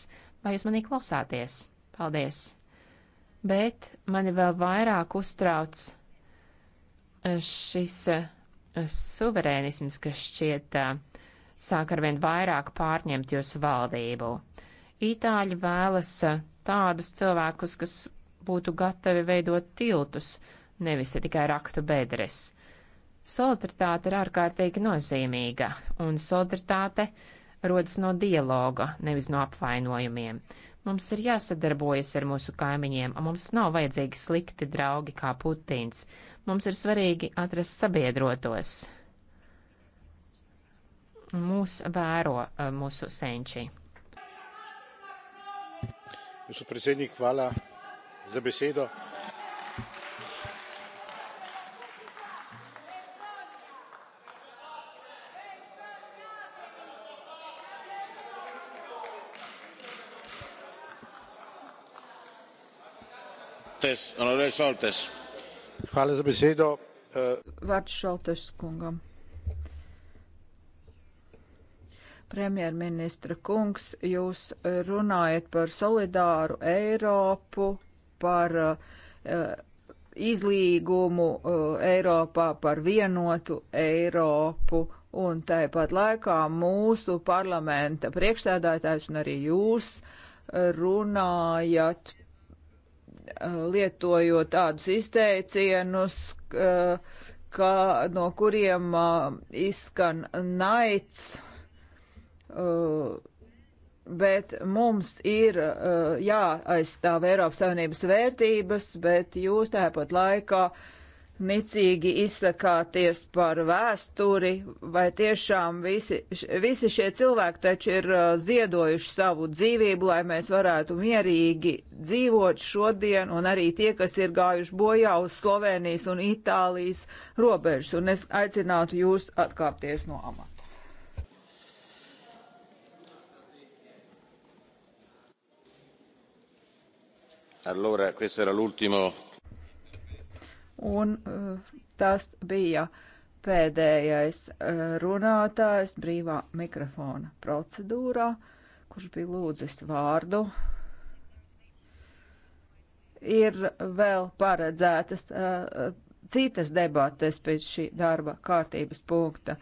Speaker 4: vai jūs manī klausāties? Paldies! Bet mani vēl vairāk uztrauc eh, šis eh, suverēnisms, kas šķiet eh, sāk arvien vairāk pārņemt jūsu valdību. Itāļi vēlas eh, tādus cilvēkus, kas būtu gatavi veidot tiltus, nevis tikai raktu bedres. Solidaritāte ir ārkārtīgi nozīmīga, un solidaritāte rodas no dialoga, nevis no apvainojumiem. Mums ir jāsadarbojas ar mūsu kaimiņiem, un mums nav vajadzīgi slikti draugi kā Putins. Mums ir svarīgi atrast sabiedrotos. Mūs vēro eh, mūsu senči gospod predsednik hvala za besedo.
Speaker 2: hvala za besedo.
Speaker 3: Premjerministra kungs, jūs runājat par solidāru Eiropu, par uh, izlīgumu uh, Eiropā, par vienotu Eiropu, un tāpat laikā mūsu parlamenta priekšsēdētājs un arī jūs eh, runājat lietojot tādus izteicienus, ka, no kuriem izskan naids Uh, bet mums ir uh, jāaizstāv Eiropas Savienības vērtības, bet jūs tāpat laikā nicīgi izsakāties par vēsturi, vai tiešām visi, visi šie cilvēki taču ir uh, ziedojuši savu dzīvību, lai mēs varētu mierīgi dzīvot šodien, un arī tie, kas ir gājuši bojā uz Slovenijas un Itālijas robežas, un es aicinātu jūs atkāpties no amata.
Speaker 2: Allora, questo era l'ultimo.
Speaker 3: Un eh, tas bija pēdējais eh, runātājs brīvā mikrofona procedūrā, kurš bija lūdzis vārdu ir vēl paredzētas uh, citas debates pēc šī darba kārtības punkta.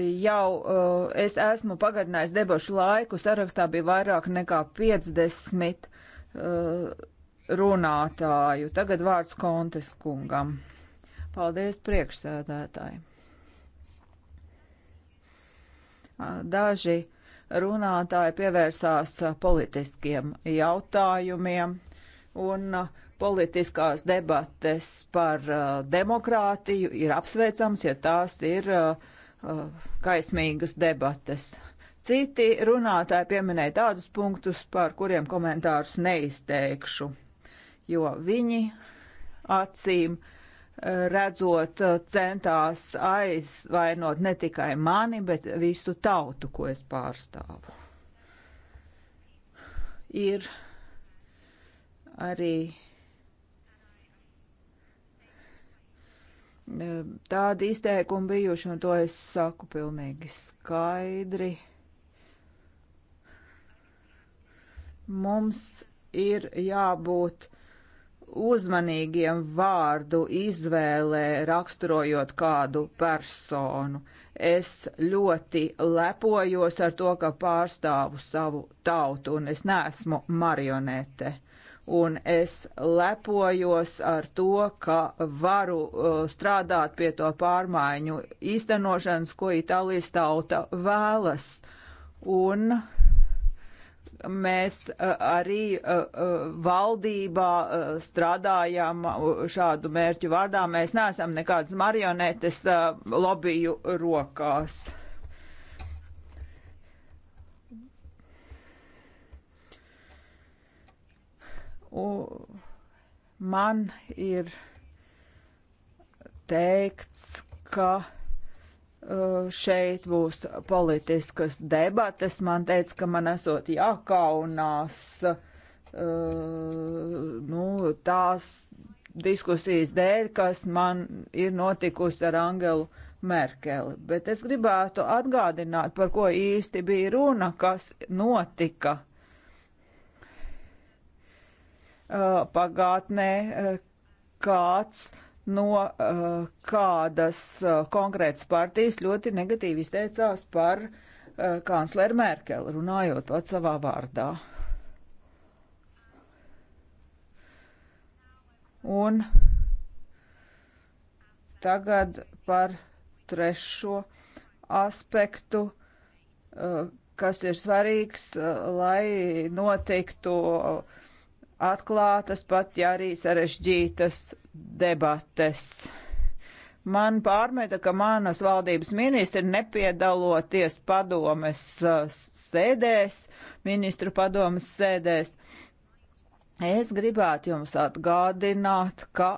Speaker 3: Jau uh, es esmu pagarinājis debašu laiku, sarakstā bija vairāk nekā 50 Uh, runātāju. Tagad vārds Kontes kungam. Paldies priekšsēdētāji. Daži runātāji pievērsās politiskiem jautājumiem un politiskās debates par demokrātiju ir apsveicams, ja tās ir kaismīgas debates Citi runātāji pieminēja tādus punktus, par kuriem komentārus neizteikšu, jo viņi acīm eh, redzot eh, centās aizvainot ne tikai mani, bet visu tautu, ko es pārstāvu. Ir arī eh, tādi izteikumi bijuši, un to es saku pilnīgi skaidri. Mums ir jābūt uzmanīgiem vārdu izvēlē, raksturojot kādu personu. Es ļoti lepojos ar to, ka pārstāvu savu tautu, un es neesmu marionete. Un es lepojos ar to, ka varu uh, strādāt pie to pārmaiņu īstenošanas, ko Itālijas tauta vēlas. Un uh, mēs arī valdībā strādājam šādu mērķu vārdā. Mēs neesam nekādas marionetes lobiju rokās. Man ir teikts, ka Eh, šeit būs politiskas debates. Man teica, ka man esot jākaunās eh, nu, tās diskusijas dēļ, kas man ir notikusi ar Angelu Merkeli. Bet es gribētu atgādināt, par ko īsti bija runa, kas notika eh, pagātnē, kāds uh, no uh, kādas uh, konkrētas partijas ļoti negatīvi izteicās par uh, eh, kancleru Merkeli, runājot pat savā vārdā. Un tagad par trešo aspektu, kas ir svarīgs, lai notiktu uh, atklātas, pat ja arī sarežģītas debates. Man pārmeta, ka manas valdības ministri nepiedaloties padomes uh, sēdēs, ministru padomes sēdēs. Es gribētu jums atgādināt, ka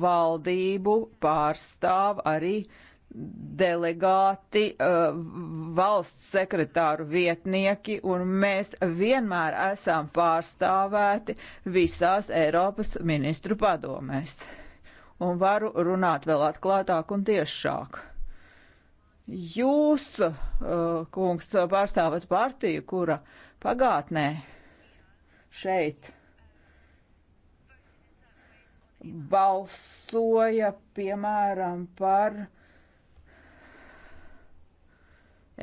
Speaker 3: valdību pārstāv arī uh, delegāti, uh, valsts sekretāru vietnieki, un mēs vienmēr esam pārstāvēti visās Eiropas ministru padomēs. Un varu runāt vēl atklātāk un tiešāk. Jūs, uh, kungs, pārstāvat partiju, kura pagātnē šeit balsoja, piemēram, par uh,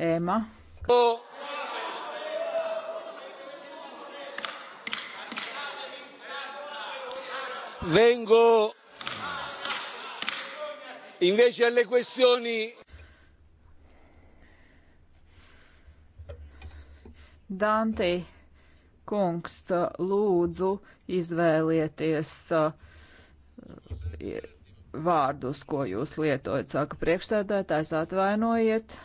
Speaker 3: Ema.
Speaker 4: Oh.
Speaker 2: vengo invece alle questioni
Speaker 3: Dante kungs lūdzu izvēlieties uh, vārdus, ko jūs lietojat, saka priekšsēdētājs atvainojiet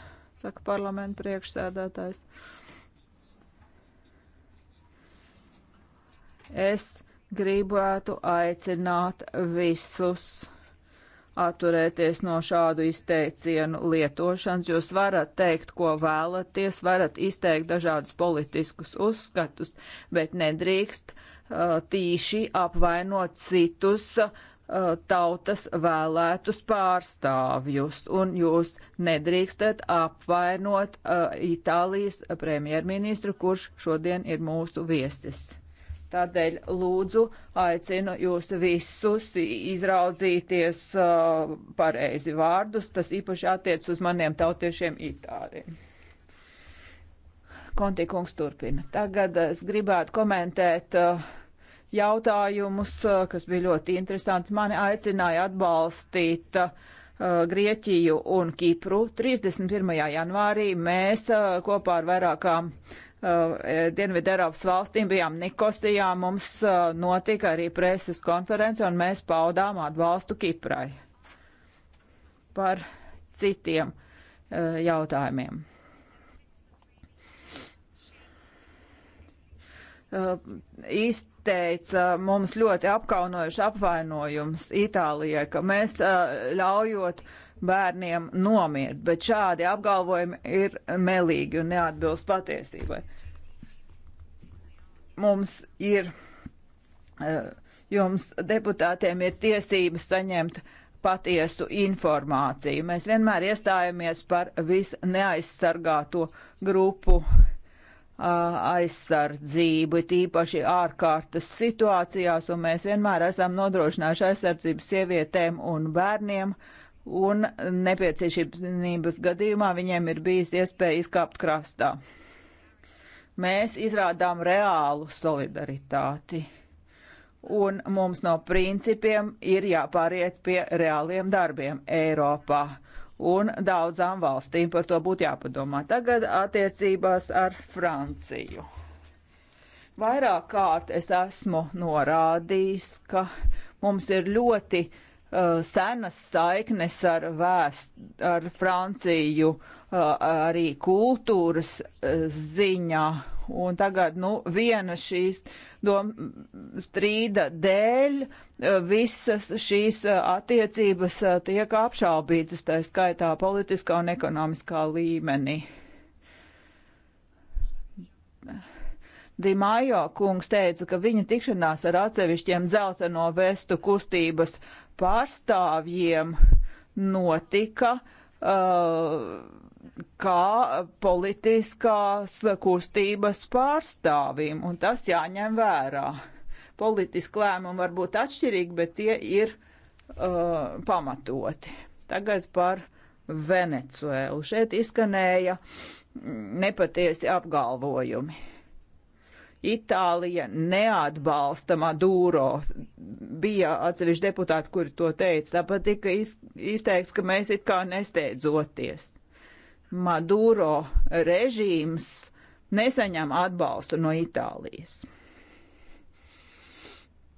Speaker 3: saka parlamenta priekšsēdētājs. Es gribētu aicināt visus atturēties no šādu izteicienu lietošanas. Jūs varat teikt, ko vēlaties, varat izteikt dažādus politiskus uzskatus, bet nedrīkst uh, tīši apvainot citus uh, tautas vēlētus pārstāvjus, un jūs nedrīkstat apvainot uh, Itālijas premjerministru, kurš šodien ir mūsu viesis. Tādēļ lūdzu aicinu jūs visus izraudzīties uh, pareizi vārdus, tas īpaši attiec uz maniem tautiešiem Itālijiem. Konti kungs turpina. Tagad es gribētu komentēt uh, jautājumus, eh, kas bija ļoti interesanti. Mani aicināja atbalstīt uh, Grieķiju un Kipru. 31. janvārī mēs uh, kopā ar vairākām Dienvidu Eiropas valstīm bijām Nikosijā, mums notika arī preses konference un mēs paudām atbalstu Kiprai par citiem jautājumiem. Īst izteica mums ļoti apkaunojuši apvainojums Itālijai, ka mēs ļaujot bērniem nomirt, bet šādi apgalvojumi ir melīgi un neatbilst patiesībai. Mums ir, jums deputātiem ir tiesības saņemt patiesu informāciju. Mēs vienmēr iestājamies par visneaizsargāto grupu aizsardzību, tīpaši ārkārtas situācijās, un mēs vienmēr esam nodrošinājuši aizsardzību sievietēm un bērniem, un nepieciešamības gadījumā viņiem ir bijis iespēja izkāpt krastā. Mēs izrādām reālu solidaritāti, un mums no principiem ir jāpāriet pie reāliem darbiem Eiropā un daudzām valstīm par to būtu jāpadomā. Tagad attiecībās ar Franciju. Vairāk kārt es esmu norādījis, ka mums ir ļoti uh, senas saiknes ar, vēst, ar Franciju, uh, arī kultūras uh, ziņā Un tagad, nu, viena šīs dom, strīda dēļ eh, visas šīs eh, attiecības eh, tiek apšaubītas, tā skaitā politiskā un ekonomiskā līmenī. Dimājo kungs teica, ka viņa tikšanās ar atsevišķiem dzelzeno vestu kustības pārstāvjiem notika uh, kā politiskās kustības pārstāvim, un tas jāņem vērā. Politiski lēmumi var būt atšķirīgi, bet tie ir uh, pamatoti. Tagad par Venecuēlu. Šeit izskanēja mm, nepatiesi apgalvojumi. Itālija neatbalsta Maduro. Bija atsevišķi deputāti, kuri to teica. Tāpat tika izteikts, ka mēs it kā nesteidzoties. Maduro režīms nesaņem atbalstu no Itālijas.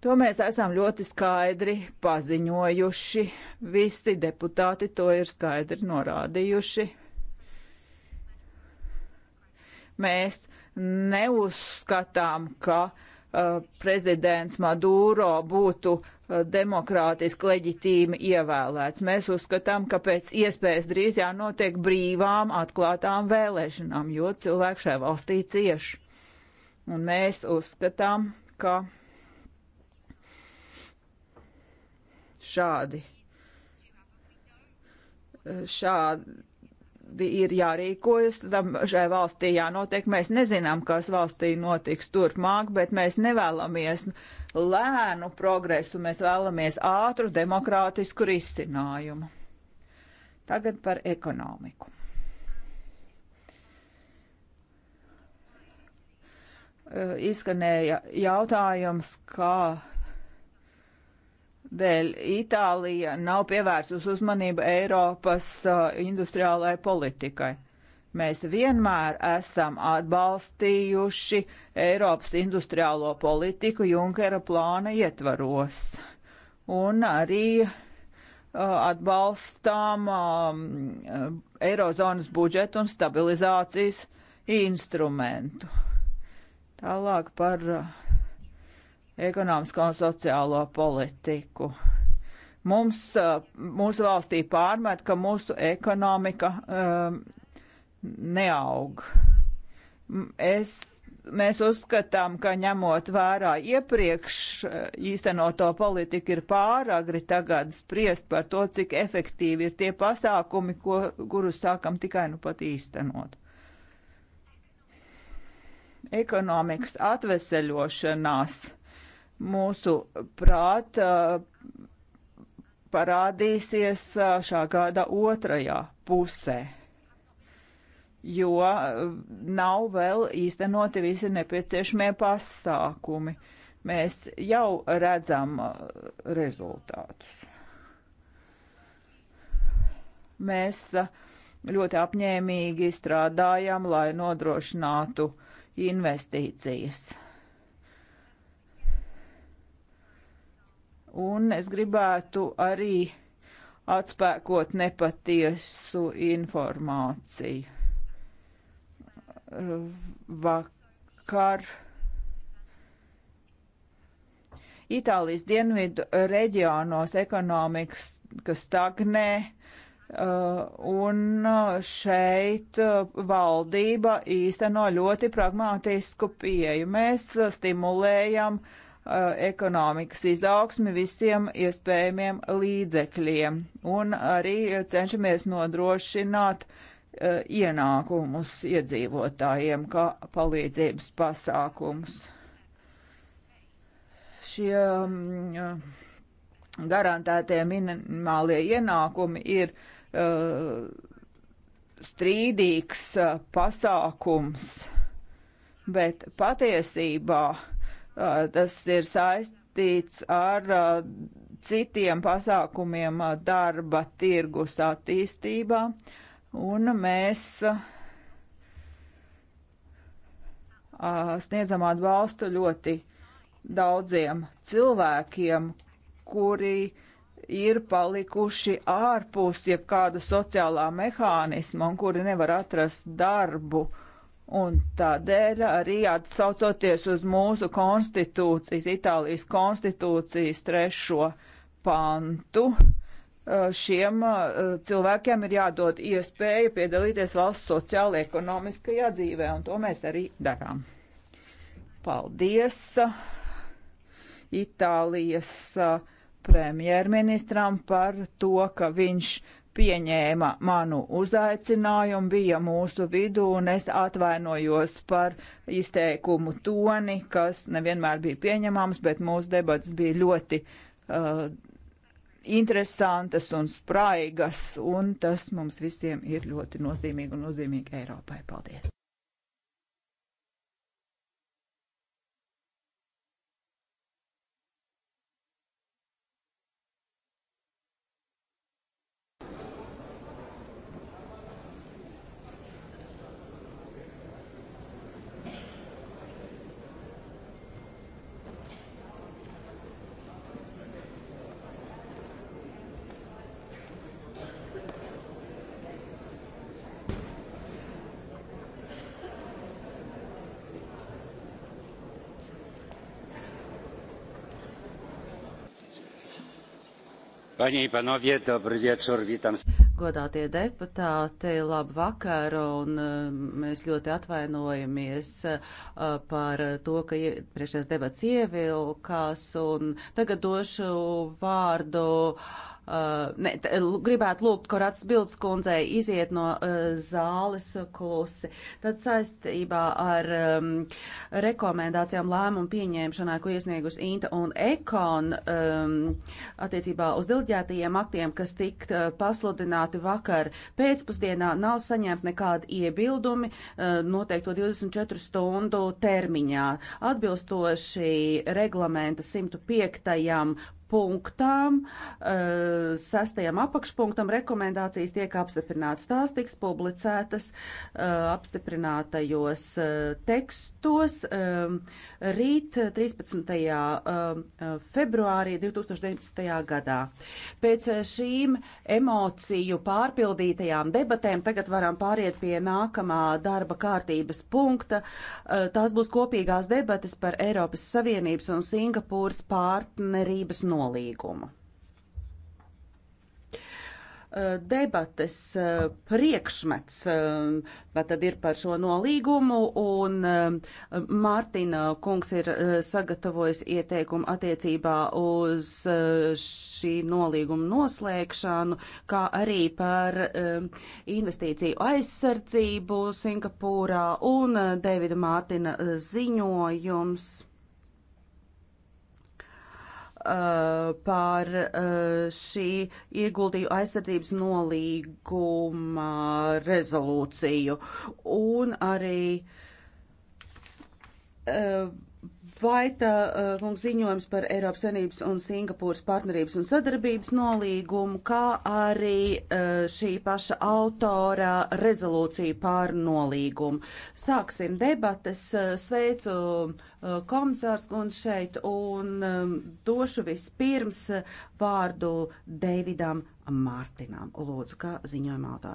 Speaker 3: To mēs esam ļoti skaidri paziņojuši. Visi deputāti to ir skaidri norādījuši. Mēs neuzskatām, ka uh, prezidents Maduro būtu uh, Eh, demokrātiski leģitīmi ievēlēts. Mēs uzskatām, ka pēc iespējas drīz jānotiek brīvām, atklātām vēlēšanām, jo cilvēki šajā valstī cieš. Un mēs uzskatām, ka šādi, eh, šādi ir jārīkojas, tam šai valstī jānotiek. Mēs nezinām, kas valstī notiks turpmāk, bet mēs nevēlamies lēnu progresu, mēs vēlamies ātru demokrātisku risinājumu. Tagad par ekonomiku. Izskanēja jautājums, kā dēļ Itālija nav pievērsus uzmanību Eiropas uh, industriālajai politikai. Mēs vienmēr esam atbalstījuši Eiropas industriālo politiku Junkera plāna ietvaros. Un arī uh, atbalstām um, Eirozonas budžetu un stabilizācijas instrumentu. Tālāk par uh, ekonomisko un sociālo politiku. Mums, mūsu valstī pārmet, ka mūsu ekonomika um, neaug. Es mēs uzskatām, ka ņemot vērā iepriekš īstenoto politiku ir pāragri tagad spriest par to, cik efektīvi ir tie pasākumi, ko, kurus sākam tikai nu pat īstenot. Ekonomikas atveseļošanās mūsu prāt parādīsies šā gada otrajā pusē, jo nav vēl īstenoti visi nepieciešamie pasākumi. Mēs jau redzam rezultātus. Mēs ļoti apņēmīgi strādājam, lai nodrošinātu investīcijas Un es gribētu arī atspēkot nepatiesu informāciju. Eh, vakar Itālijas dienvidu reģionos ekonomikas stagnē, eh, un eh, šeit valdība īsteno ļoti pragmātisku pieju. Mēs stimulējam uh, Eh, ekonomikas izaugsmi visiem iespējamiem līdzekļiem un arī cenšamies nodrošināt eh, ienākumus iedzīvotājiem kā palīdzības pasākums. Šie mm, eh, garantētie minimālie ienākumi ir strīdīgs pasākums, bet patiesībā uh, Tas ir saistīts ar citiem pasākumiem darba tirgus attīstībā, un mēs sniedzam atbalstu ļoti daudziem cilvēkiem, kuri ir palikuši ārpus jebkāda sociālā mehānisma un kuri nevar atrast darbu. Uh, Un tādēļ arī atsaucoties uz mūsu konstitūcijas, Itālijas konstitūcijas trešo pantu, eh, šiem eh, cilvēkiem ir jādod iespēja piedalīties valsts sociāla ekonomiskajā dzīvē, un to mēs arī darām. Paldies Itālijas eh, premjerministram par to, ka viņš pieņēma manu uzaicinājumu, bija mūsu vidū, un es atvainojos par izteikumu toni, kas nevienmēr bija pieņemams, bet mūsu debats bija ļoti uh, interesantas un spraigas, un tas mums visiem ir ļoti nozīmīgi un nozīmīgi Eiropai. Paldies!
Speaker 2: Godātie deputāti, labu vakaru, un e, mēs ļoti atvainojamies e, par to, ka priekšējās debats ievilkās, un tagad došu vārdu Uh, ne, t, gribētu lūgt Korats Bildes kundzei iziet no uh, zāles klusi. Tad saistībā ar um, rekomendācijām lēmumu pieņemšanai, ko iesniegus Inta un Ekon um, attiecībā uz dilģētajiem aktiem, kas tikt uh, pasludināti vakar pēcpusdienā, nav saņemt nekādi iebildumi uh, noteikto 24 stundu termiņā. Atbilstoši reglamenta 105 punktam, eh, sastajam apakšpunktam rekomendācijas tiek apstiprinātas. Tās tiks publicētas eh, apstiprinātajos eh, tekstos rīt 13. februārī 2019. gadā. Pēc šīm emociju pārpildītajām debatēm tagad varam pāriet pie nākamā darba kārtības punkta. Tās būs kopīgās debates par Eiropas Savienības un Singapūras partnerības notiekumu nolīgumu. Debates priekšmets tad ir par šo nolīgumu, un Mārtiņa kungs ir sagatavojis ieteikumu attiecībā uz šī nolīguma noslēgšanu, kā arī par investīciju aizsardzību Singapūrā un Davida Mārtiņa ziņojums uh, par uh, šī ieguldīju aizsardzības nolīguma rezolūciju un arī uh, Vaita uh, kungs ziņojums par Eiropas Savienības un Singapūras partnerības un sadarbības nolīgumu, kā arī uh, šī paša autora rezolūcija pār nolīgumu. Sāksim debates. Uh, sveicu komisārs kundz šeit un um, došu vispirms vārdu Davidam Mārtinam. Lūdzu, kā ziņojuma autoram.